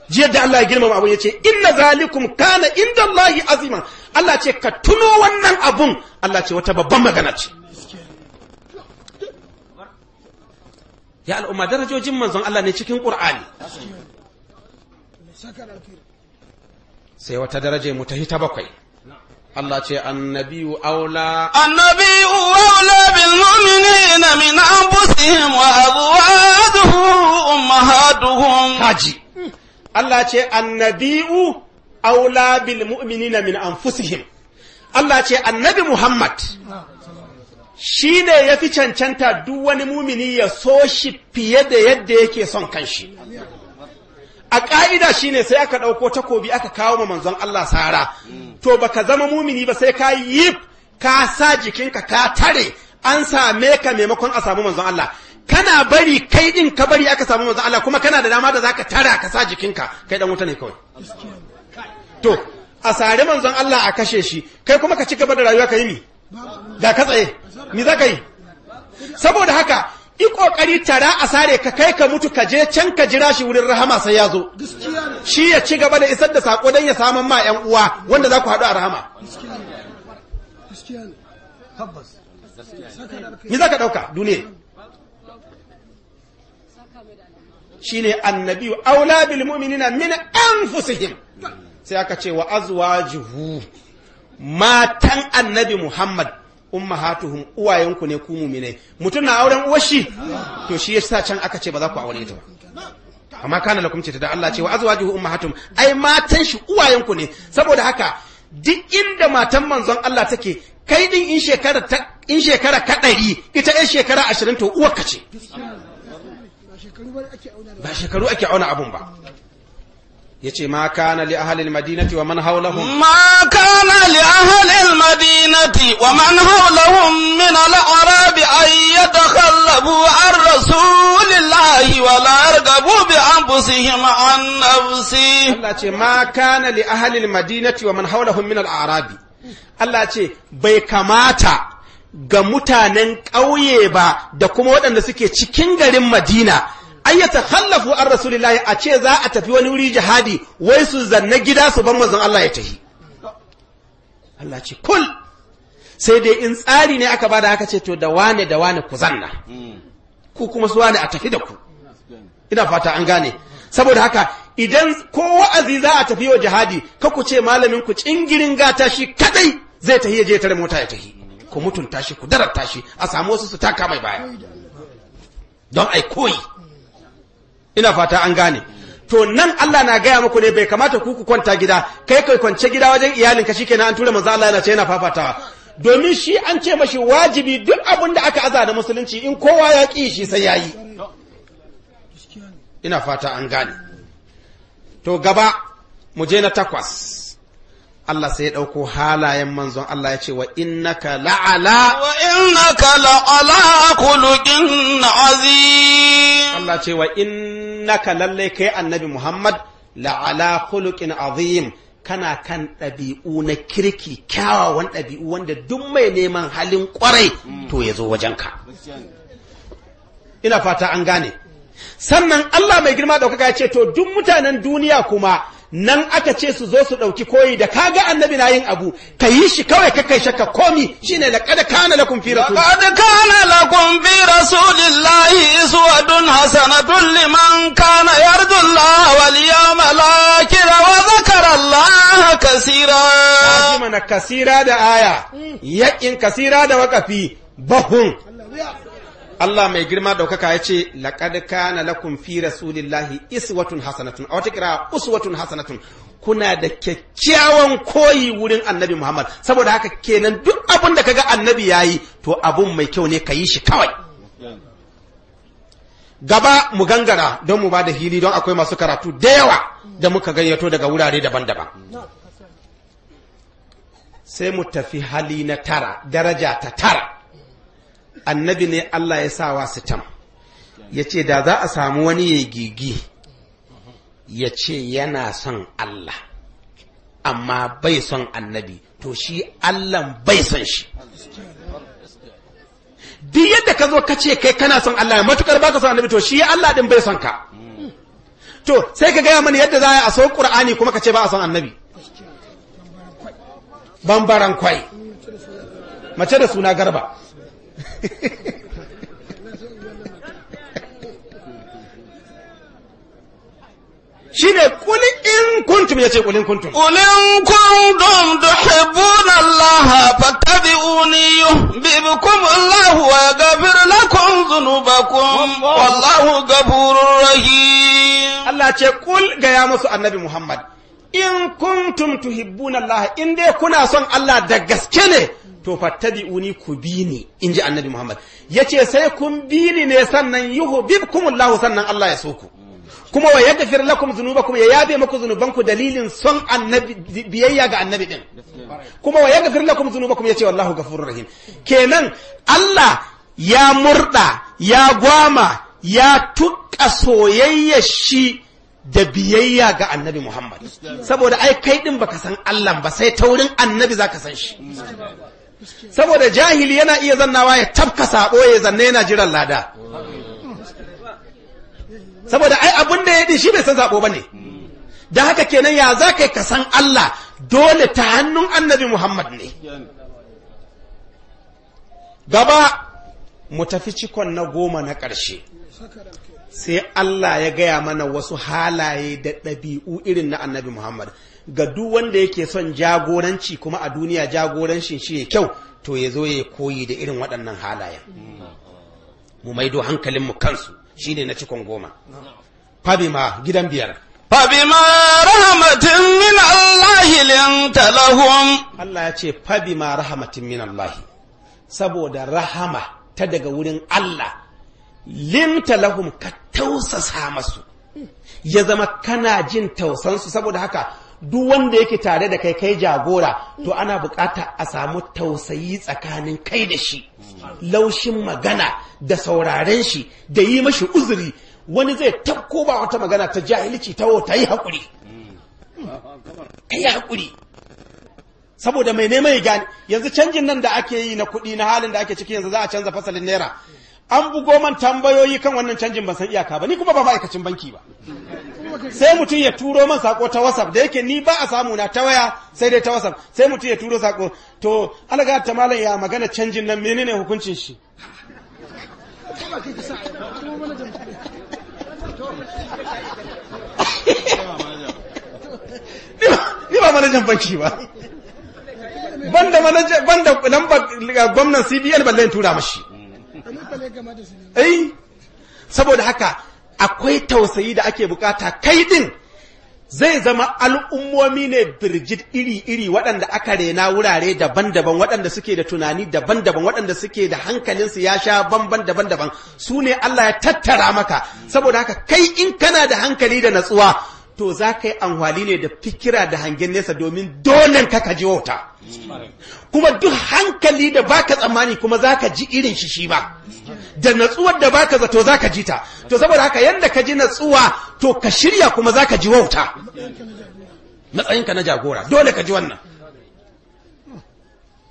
A: jiya da Allah ya girmama abun ya ce inna zalikum kana inda Allah azima Allah ce ka tuno wannan abun Allah ce wata babban magana ce ya al'umma darajojin manzon Allah ne cikin Qur'ani sai wata daraja mu ta hita bakwai Allah ce annabiyu aula annabiyu
B: aula bil mu'minina min anfusihim wa azwajuhum
A: ummahatuhum kaji Allah ce annabiyu aula bil mu'minina min anfusihim Allah ce annabi Muhammad shi ne ya fi cancanta duk wani mumini ya so shi fiye da yadda yake son kanshi. a ƙa'ida shi ne sai aka ɗauko takobi aka kawo ma manzon Allah sara to baka zama mumini ba sai ka yi ka sa jikinka ka tare an same ka maimakon a samu manzon Allah kana bari kai ɗin ka bari aka samu manzon Allah kuma kana da dama da zaka tara ka sa jikinka kai ɗan wuta ne kawai to a sare manzon Allah a kashe shi kai kuma ka ci gaba da rayuwa ka yi ni ga ka tsaye ni za ka yi saboda haka yi ƙoƙari tara a sare ka kai ka mutu ka je can ka jira shi wurin rahama sai ya zo shi ya ci gaba da isar da saƙo don ya samun ma 'yan uwa wanda za ku haɗu a rahama ni za ka ɗauka duniya shi ne annabi aula bil mu'minina min anfusihim sai aka ce wa azwajuhu matan annabi muhammad ummahatuhum uwayenku ne ku mu'minai mutum na auren shi. to shi yasa can aka ce ba za ku aure ta ba amma kana lakum ce da Allah ce wa azwajuhu ummahatuhum ai matan shi uwayenku ne saboda haka duk inda matan manzon Allah take kai din in shekara ta in shekara ka ita ai shekara ashirin to ka ce ba shekaru ake auna abun ba Ya ce ma kana li ahli madinati wa man hawlahum ma
B: kana li ahli madinati wa man hawlahum min al-arab ay yatakhallabu ar
A: rasulillahi wa la yarghabu bi anfusihim an nafsi Allah ce ma kana li ahli madinati wa man hawlahum min al Allah ce bai kamata ga mutanen ƙauye ba da kuma waɗanda suke cikin garin Madina an ya takhallafu an rasulillahi a ce za a tafi wani wuri jihadi wai su zanna gida su ban mazan Allah ya tafi Allah ce kul sai dai in tsari ne aka bada haka ce to da wane da wane ku zanna ku kuma su wane a tafi da ku ina fata an gane saboda haka idan ko wa'azi za a tafi wa jihadi ka ku ce malamin ku cingirin gata shi kadai zai tafi je tare mota ya tafi ku mutunta shi ku darar tashi a samu wasu su taka mai baya don ai koyi ina fata an gane to nan Allah na gaya muku ne bai kamata ku ku kwanta gida kai kai kwance gida wajen iyalin ka shikenan an tura manzo Allah yana ce yana fafata domin shi an ce mashi wajibi duk abin da aka aza da musulunci in kowa ya ki shi sai yayi ina fata an gane to gaba mu je na takwas Allah sai ya ɗauko halayen manzon Allah ya ce wa innaka la'ala wa innaka la'ala khuluqin azim Allah ce wa in innaka lallai kai annabi Muhammad la'ala khuluqin azim kana kan ɗabi'u na kirki kyawawan ɗabi'u wanda duk mai neman halin ƙwarai to ya zo wajenka ina fata an gane sannan Allah mai girma ɗaukaka ya ce to duk mutanen duniya kuma nan aka ce su zo su ɗauki koyi da kaga annabi na yin abu ka yi shi kawai ka kai shakka komi shine laqad kana lakum fi rasul laqad kana lakum fi rasulillahi iswatun hasanatun liman kana yarju Allah wal yawmal akhir wa zakara Allah kaseera mana kasira da aya hmm. yakin kasira da wakafi bahun Allah mai girma daukaka ya ce laqad kana lakum fi rasulillahi iswatun hasanatun a wata kira uswatun hasanatun kuna da kyakkyawan koyi wurin annabi Muhammad saboda haka kenan duk abin da kaga annabi ya yi to abun mai kyau ne ka yi shi kawai gaba mu gangara don mu ba da hili don akwai masu karatu da yawa da muka gayyato daga wurare daban-daban sai mu tafi hali na tara daraja ta tara annabi ne Allah ya sa sawa sitam ya ce da za a samu wani ya gigi ya ce yana son Allah amma bai son annabi to shi Allah bai son shi duk yadda ka zo ka ce kai kana son Allah ya matukar baka son annabi to shi Allah din bai son ka to sai ka gaya mani yadda za a so Qur'ani kuma ka ce ba a son annabi bambaran kwai mace da suna garba shine ne in kuntum kulin kuntum
B: Allah
A: Allah lakum rahim Allah ce kul ga annabi Muhammad in kuntum tuhibbuna Allah in kuna son Allah da to fattabi'uni ku bi ni inji annabi Muhammad yace sai kun bi ni ne sannan yuhibbukumullahu sannan Allah ya so ku kuma wa yaghfir lakum dhunubakum ya yabe muku dhunubanku dalilin son annabi biyayya ga annabi din kuma wa yaghfir lakum dhunubakum yace wallahu ghafurur rahim kenan Allah ya murda ya gwama ya tukka soyayya shi da biyayya ga annabi Muhammad saboda ai kai din baka san Allah ba sai taurin annabi zaka san shi saboda jahili yana iya zannawa ya tabka sabo ya zanne yana jiran lada saboda ai abin da ya ɗi shi bai san sabo ne. da haka kenan ya za kai ka san Allah dole ta hannun annabi Muhammad ne gaba mu tafi cikon na goma na ƙarshe sai Allah ya gaya mana wasu halaye da ɗabi'u irin na annabi Muhammad ga duk wanda yake son jagoranci kuma a duniya jagorancin shi ne kyau to ya zo ya koyi da irin waɗannan halayen mu maido mu kansu shine na cikon goma fabima gidan biyar fabima rahmatin min Allah linta lahum Allah ya ce fabima rahmatin min Allah saboda rahama ta daga wurin Allah linta lahum ka tausasa masu ya zama kana jin tausansu saboda haka duk wanda yake tare da kai kai jagora to ana bukata a samu tausayi tsakanin kai da shi laushin magana da sauraren shi da yi mashi uzuri wani zai tafko ba wata magana ta jahilci ta wata yi haƙuri yi haƙuri saboda mai neman ya gane yanzu canjin nan da ake yi na kuɗi na halin da ake ciki yanzu za a canza fasalin naira an bugo man tambayoyi kan wannan canjin ban san iyaka ba ni kuma ba ma'aikacin banki ba sai mutum ya turo man sako ta whatsapp da yake ni ba a samu na ta waya sai dai ta whatsapp sai mutum ya turo sako to alaga ta malam ya magana canjin nan menene hukuncin shi ni ba manajan banki ba banda manajan banda lambar gwamnan CBN ballen tura mashi eh saboda haka akwai tausayi da ake bukata kai din zai zama al'ummomi ne birjit iri-iri waɗanda aka rena wurare daban-daban waɗanda suke da tunani daban-daban waɗanda suke da hankalinsu ya sha bamban daban-daban su ne Allah ya tattara maka saboda haka kai in kana da hankali da natsuwa to za ka yi amfani ne da fikira da hangen nesa domin donin ka ka ji wauta kuma duk hankali da baka tsammani kuma za ka ji irin shi shi ba da natsuwar da baka zato za ka ji ta to saboda haka yadda ka ji natsuwa to ka shirya kuma za ka ji wauta matsayinka na jagora dole ka ji wannan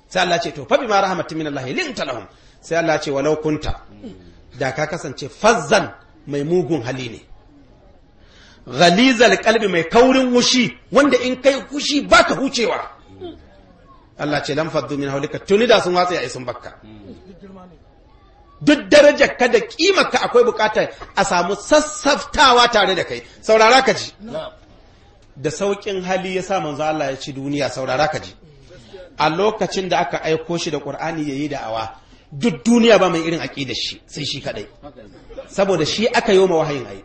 A: sai Allah ce to fabi ma rahmatin min Allah linta talahum sai Allah ce walau kunta da ka kasance fazzan mai mugun hali ne ghalizal kalbi mai kaurin wushi wanda in kai hushi ka hucewa Allah ce lan faddu min haulika tuni da sun watsa ya sun bakka duk daraja ka da kima ka akwai bukatar a samu sassaftawa tare da kai saurara ka ji da saukin hali ya sa manzo Allah ya ci duniya saurara ka ji a lokacin da aka aiko shi da Qur'ani yayi da'awa duk duniya ba mai irin aqidar shi sai shi kadai saboda shi aka yi wahayin ai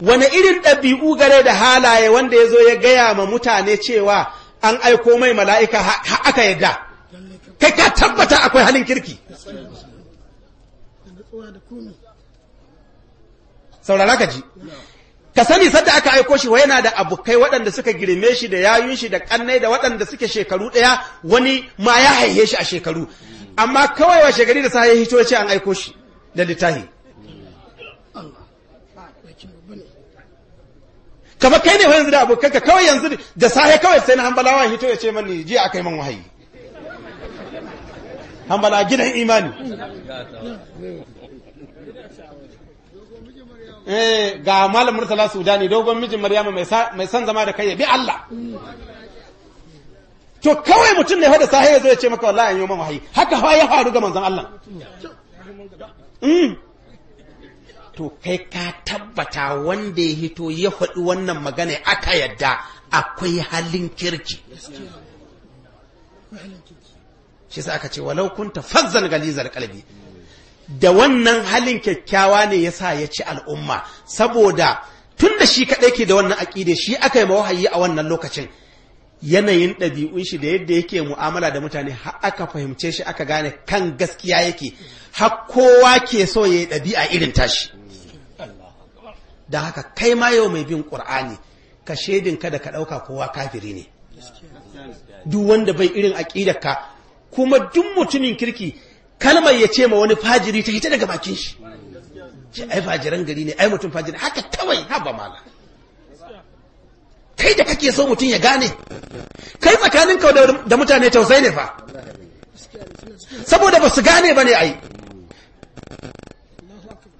A: wani irin ɗabi'u gare da halaye wanda ya zo ya gaya ma mutane cewa an aiko mai mala'ika aka yadda kai ka tabbata akwai halin kirki saurara ka ji ka sani sadda aka aiko shi wa yana da abokai waɗanda suka girme shi da yayun shi da ƙannai da waɗanda suke shekaru ɗaya wani ma ya haihe shi a shekaru amma kawai wa shekari da sa ya hito ce an aiko shi da littahi aikin ba ne kai ne wani yanzu da ka kawai yanzu da sahe kawai sai na hambalawa hito ya ce mani jiya aka yi man wahayi hambala gidan imani eh ga malam murtala sudani dogon mijin maryama mai san zama da kai ya bi Allah to kawai mutum ne hada da sahe ya zo ya ce maka wallahi an yi man wahayi haka fa ya faru ga manzon Allah hmm. to kai ka tabbata wanda ya hito ya faɗi wannan magana aka yadda akwai halin kirki shi sa aka ce walau laukunta fazzan galizar kalbi da wannan halin kyakkyawa ne yasa ya ci al'umma saboda tun da shi kaɗai ke da wannan aƙide shi aka yi mawahayi a wannan lokacin yanayin ɗabi'un shi da yadda yake mu'amala da mutane har aka fahimce shi aka gane kan gaskiya yake har kowa ke so ya yi ɗabi'a irin tashi da haka kai ma yau mai bin ƙur'ani ka shaidin ka da ka ɗauka kowa kafiri ne duk wanda bai irin aƙidar ka kuma duk mutumin kirki kalmar ya ce ma wani fajiri ta hita daga bakin shi ce ai fajiran gari ne ai mutum fajiri haka kawai haba mala kai da kake so mutum ya gane kai tsakanin ka da mutane tausai ne fa saboda ba su gane ba ne ai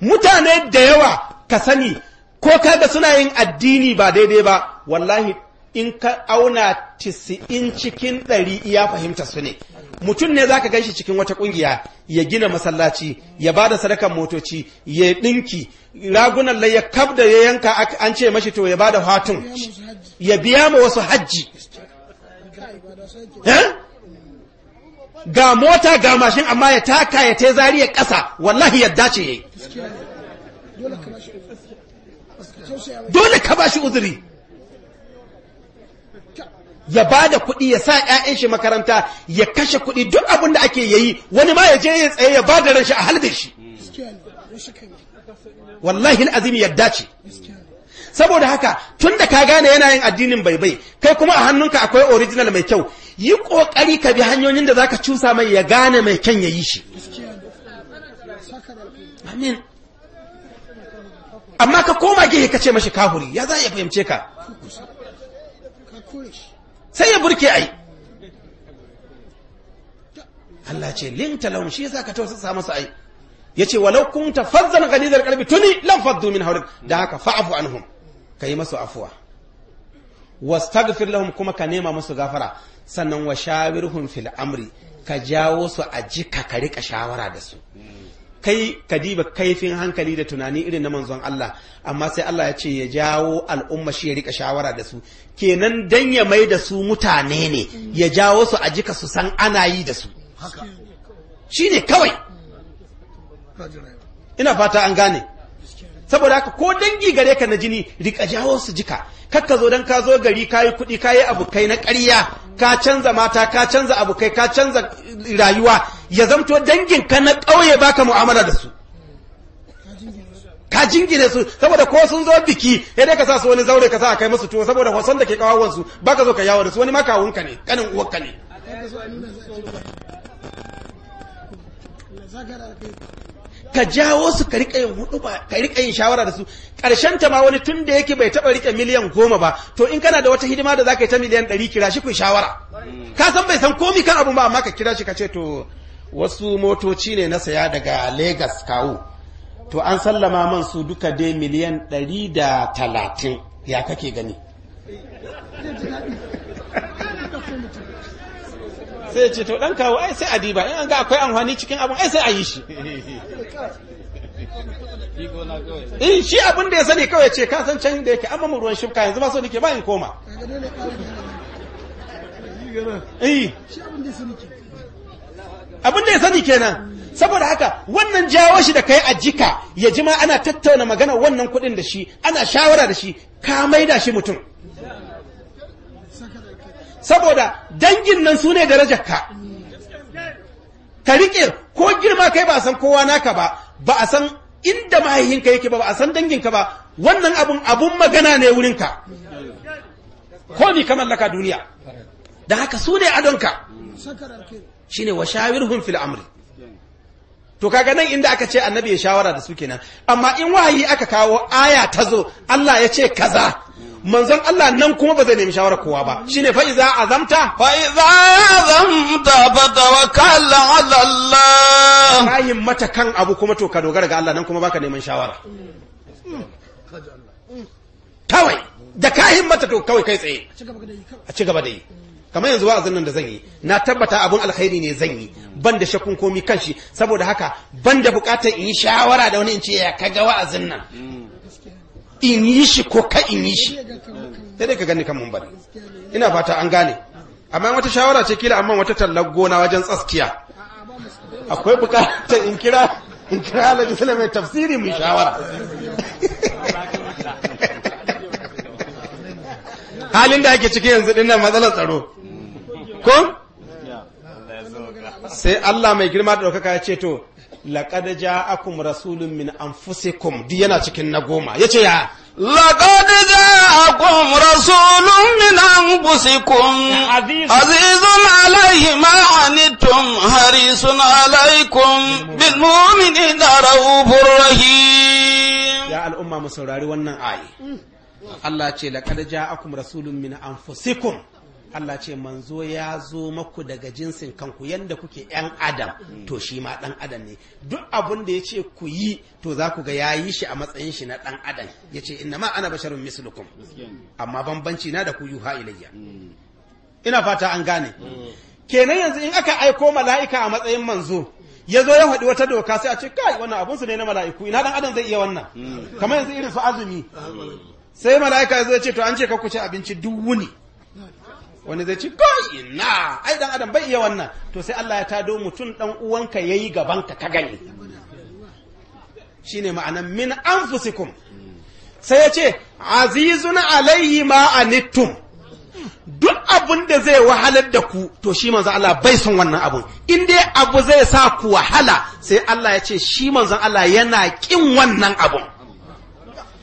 A: mutane da yawa ka sani ko kaga suna yin addini ba daidai ba wallahi in ka auna tisi'in cikin ɗari iya fahimta su ne mutum ne zaka ganshi cikin wata ƙungiya ya gina masallaci ya bada sadakan motoci ya ɗinki ragunan layyar ya da ya yanka an ce mashi to ya bada hatun ya biya ma wasu hajji eh? ga mota ga mashin amma ya taka ya te zariya ƙasa wallahi yadda dace ya
C: yi dole
A: ka ba shi uzuri ya ba da kuɗi ya sa 'ya'yan shi makaranta ya kashe kuɗi duk abin da ake yayi wani ma ya je ya tsaye ya ba da ran shi a halbe shi wallahi al'azim ya dace saboda haka tun da ka gane yanayin addinin baibai kai kuma a hannunka akwai original mai kyau yi ƙoƙari ka bi hanyoyin da za ka cusa mai ya gane mai kyan yi shi amin amma ka koma gehe ka ce mashi kahuri ya za ya fahimce ka sai ya burke ai Allah ce lin talawun shi yasa ka tausasa masa ai yace walau kunta fazzan ghanizal qalbi tuni lam faddu min haurin. da haka fa'fu ka yi masu afwa wastaghfir lahum kuma ka nema masu gafara sannan wa shawirhum fil amri ka jawo su a jika ka rika shawara da su kai ka diba kaifin hankali da tunani irin na manzon Allah amma sai Allah ya ce ya jawo al'umma shi ya rika shawara da su kenan dan ya mai da su mutane ne ya jawo su a jika su san ana yi da su shine kawai ina fata an gane saboda haka ko dangi gare ka na jini rika jawo su jika kakka zo dan ka zo gari kayi kuɗi kayi abu kai na ƙarya ka canza mata ka canza abokai ka canza rayuwa ya zamto dangin ka na ƙauye baka mu'amala da su ka jingine su saboda ko sun zo biki ya dai ka sa su wani zaure ka sa kai musu tuwo saboda wasan da ke kawawan su baka zo ka yawo da su wani ka ne kanin uwarka ne ka jawo su ka rika yin hudu ba ka rika yin shawara da su karshen ta ma wani tun da yake bai taba rike miliyan goma ba to in kana da wata hidima da zaka yi ta miliyan ɗari kira shi ku shawara ka san bai san komi kan abun ba amma ka kira shi ka ce to wasu motoci ne na saya daga Legas kawo to an sallama man su duka dai miliyan ɗari da talatin ya kake gani sai ya ce to dan kawo ai sai a diba in an ga akwai amfani cikin abin ai sai a yi shi in eh, shi abin da ya sani kawai ce ka san can da yake amma mu ruwan shifka yanzu ba so nake ba in koma eh, abin da ya sani kenan saboda haka wannan jawo shi da kai a jika ya jima ana tattauna magana wannan kuɗin da shi ana shawara da shi ka maida shi mutum saboda dangin nan su ne darajarka ka riƙe ko girma kai ba san kowa naka ba ba a san inda mahaihinka yake ba ba a san danginka ba wannan abun abun magana ne wurinka ko mi ka mallaka duniya da haka su ne adonka shine wa shawirhum fil amri to kaga nan inda aka ce annabi ya shawara da su kenan amma in wahayi aka kawo aya ta zo Allah ya ce kaza manzon Allah nan kuma ba zai nemi shawarar kowa ba shine fa iza azamta fa iza azamta fa tawakkal ala Allah ka mata kan abu kuma to ka dogara ga Allah nan kuma baka neman shawara kawai da ka himmata to kawai kai tsaye
C: a
A: ci gaba da yi kamar yanzu wa'azin nan da zan yi na tabbata abun alkhairi ne zan yi ban da shakkun komi kanshi saboda haka ban da bukatar in yi shawara da wani in ce ya kaga wa'azin nan hmm. in yi shi ko ka in yi shi sai dai ka gani kan mun bari ina fata an gane amma wata shawara ce kila amma wata tallar gona wajen tsaskiya akwai bukatar in kira in kira sulaiman tafsiri mai shawara halin da ake ciki yanzu dinnan matsalar tsaro ko sai Allah mai girma da ɗaukaka ya ce to laqad ja'akum rasulun min anfusikum duk yana cikin na goma yace ya laqad ja'akum rasulun min anfusikum azizun alayhi ma anittum harisun alaykum bil mu'minina raufur rahim ya al'umma mu saurari wannan ayi Allah ce laqad ja'akum rasulun min anfusikum Allah ce manzo ya zo maku daga jinsin kanku yadda kuke ‘yan adam to shi ma ɗan adam ne duk abin da ya ce ku yi to za ku ga ya yi shi a matsayin shi na ɗan adam ya ce inna ma ana basharun mislukum amma bambanci na da ku yuha ilayya ina fata an gane kenan yanzu in aka aiko mala'ika a matsayin manzo ya zo ya faɗi wata doka sai a ce kai abun su ne na mala'iku ina ɗan adam zai iya wannan kamar yanzu irin su azumi sai mala'ika ya zo ce to an ce ka ku abinci duk wuni wani zai ci kai ina ai dan adam bai iya wannan to sai Allah ya tado mutum dan uwanka yayi gabanka ka gani shine ma'anan min anfusikum sai ya ce azizun alayhi ma anittum duk abun da zai wahalar da ku to shi manzon Allah bai son wannan abun in dai abu zai sa ku wahala sai Allah ya ce shi manzon Allah yana kin wannan abun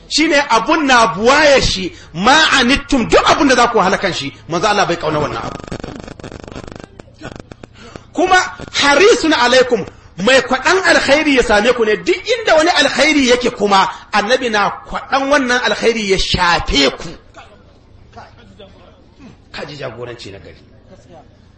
A: shine abun na buwaye shi ma'anittum duk abun da za ku halakan shi manzo Allah bai kauna wannan abu kuma harisun alaikum mai kwaɗan alkhairi ya same ku ne duk inda wani alkhairi yake kuma annabi na kwaɗan wannan alkhairi ya shafe ku kaji jagoranci na gari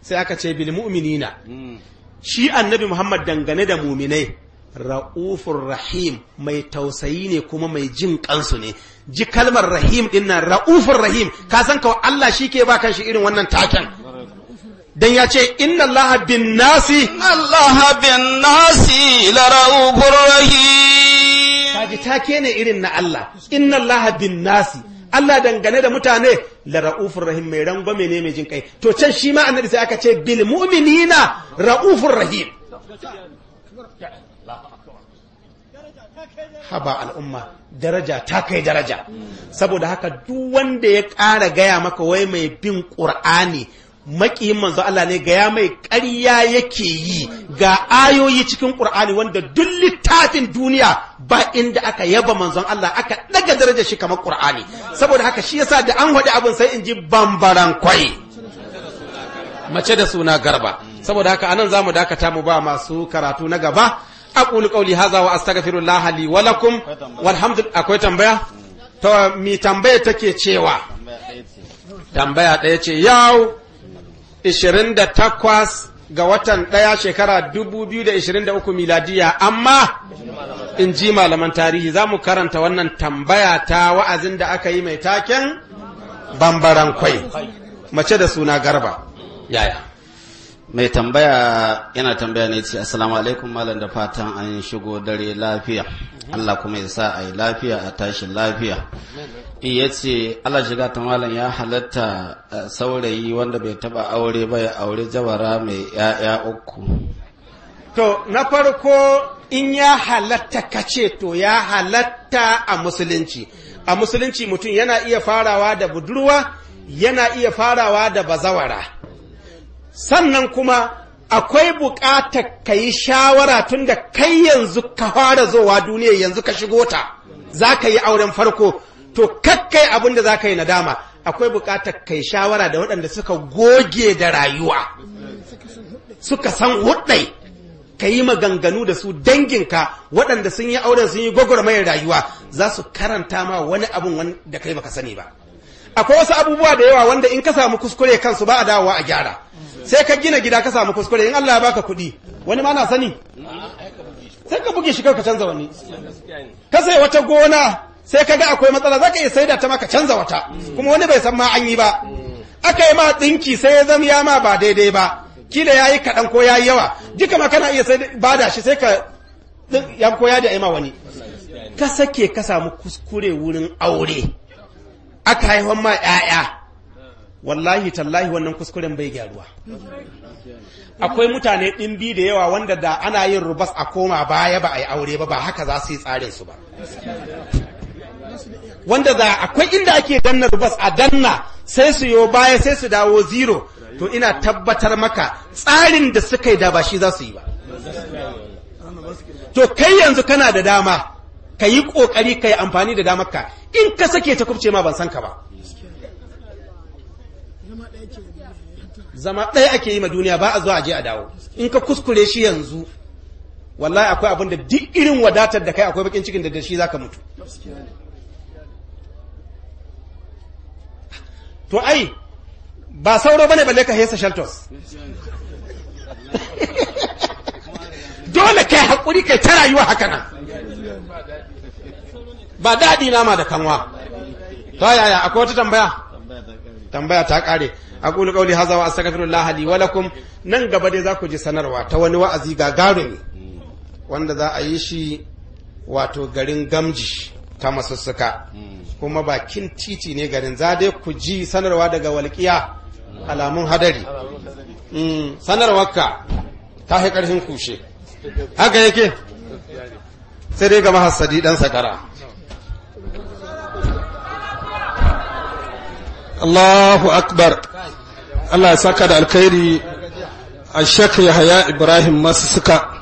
A: sai aka ce bil mu'minina mm. shi annabi muhammad dangane da muminai ra'ufur rahim mai tausayi ne kuma mai jin kansu ne ji kalmar rahim din nan ra'ufur rahim ka san kawai Allah shi ke ba kanshi irin wannan taken dan ya ce inna allaha bin nasi allaha bin nasi la ra'ufur rahim kaji take ne irin na Allah inna allaha bin nasi Allah dangane da mutane la ra'ufur rahim mai rangwame ne mai jin kai to can shi ma annabi sai aka ce bil mu'minina ra'ufur rahim haba al'umma daraja ta kai daraja saboda haka duk wanda ya ƙara gaya maka wai mai bin ƙur'ani makihin manzo Allah ne gaya mai ƙarya yake yi ga ayoyi cikin ƙur'ani wanda duk littafin duniya ba inda aka yaba manzon Allah aka daga daraja shi kamar ƙur'ani saboda haka shi yasa da an haɗi abin sai in ji bambaran kwai mace da suna garba saboda haka anan zamu dakata mu ba masu karatu na gaba aqulu qawli hadha wa astaghfirullah li wa lakum walhamdulillah akwai tambaya to تنبيه tambaya take cewa tambaya ɗaya ce yau 28 ga watan ɗaya shekara 2023 miladiya amma in ji malaman tarihi za mu karanta wannan tambaya ta wa'azin da aka yi mai taken bambaran kwai mace da suna garba yaya mai tambaya yana tambaya ne ce assalamu alaikum malam da fatan an shigo dare lafiya mhm. Allah kuma ya sa a yi lafiya a tashin lafiya ya ce Allah shiga ta malam ya halatta eh, saurayi wanda bai taba aure ba ya aure jabara
B: mai ya'ya uku
A: to na farko in ya halatta kace to ya halatta a musulunci a musulunci mutum yana iya farawa da budurwa yana iya farawa da bazawara sannan kuma akwai buƙatar ka yi shawara tun da kai yanzu ka fara zowa duniya yanzu ka shigo ta za ka yi auren farko to kakkai abin da za ka yi nadama akwai buƙatar ka yi shawara da waɗanda suka goge da rayuwa suka san huɗai ka yi maganganu da su danginka waɗanda sun yi auren sun yi gwagwarmayar rayuwa za su karanta ma wani abin da kai baka sani ba akwai wasu abubuwa da yawa wanda in ka samu kuskure kansu ba a dawowa a gyara sai ka gina gida ka samu kuskure in Allah ya baka kuɗi wani ma na sani sai ka buge shi ka canza wani ka sai wata gona sai ka ga akwai matsala za zaka iya saida ta maka canza wata kuma wani bai san ma an yi ba aka yi ma tsinki sai ya zama ya ma ba daidai ba kila yayi kaɗan ko yayi yawa duka ma kana iya sai bada shi sai ka yanko ya da ma wani ka sake ka samu kuskure wurin aure aka haifan ma ‘ya'ya wallahi tallahi wannan kuskuren bai gyaruwa akwai mutane ɗin biyu da yawa wanda da ana yin rubas a koma baya ba a yi aure ba ba haka za su yi tsarin su ba wanda da akwai inda ake danna rubas a danna sai su yo baya sai su dawo zero to ina tabbatar maka tsarin da suka yi da ba shi za su yi ba to kai yanzu kana da dama ka yi ƙoƙari ka yi amfani da damar in ka sake ta kubce ma ban san ka ba zama ɗaya ake yi ma duniya ba a zuwa je a dawo in ka kuskure shi yanzu wallahi akwai abin da duk irin wadatar da kai akwai bakin cikin da shi zaka mutu to ai ba sauro bane balle ka hesa shaltos. dole kai hakuri kai ta rayuwa haka nan ba daɗi nama da kanwa
C: ta yaya akwai wata tambaya
A: tambaya ta ƙare a ƙuli ƙauli haza wa astagfirullah li wa lakum nan gaba dai za ku ji sanarwa ta wani wa'azi ga ne. wanda za a yi shi wato garin gamji ta masussuka kuma bakin titi ne garin za dai ku ji sanarwa daga walƙiya alamun hadari mm, sanarwarka ta fi ƙarfin kushe haka yake sai dai ga hasadi ɗan sakara Allahu akbar Allah ya saka da alkhairi a shekha Yahaya Ibrahim masu suka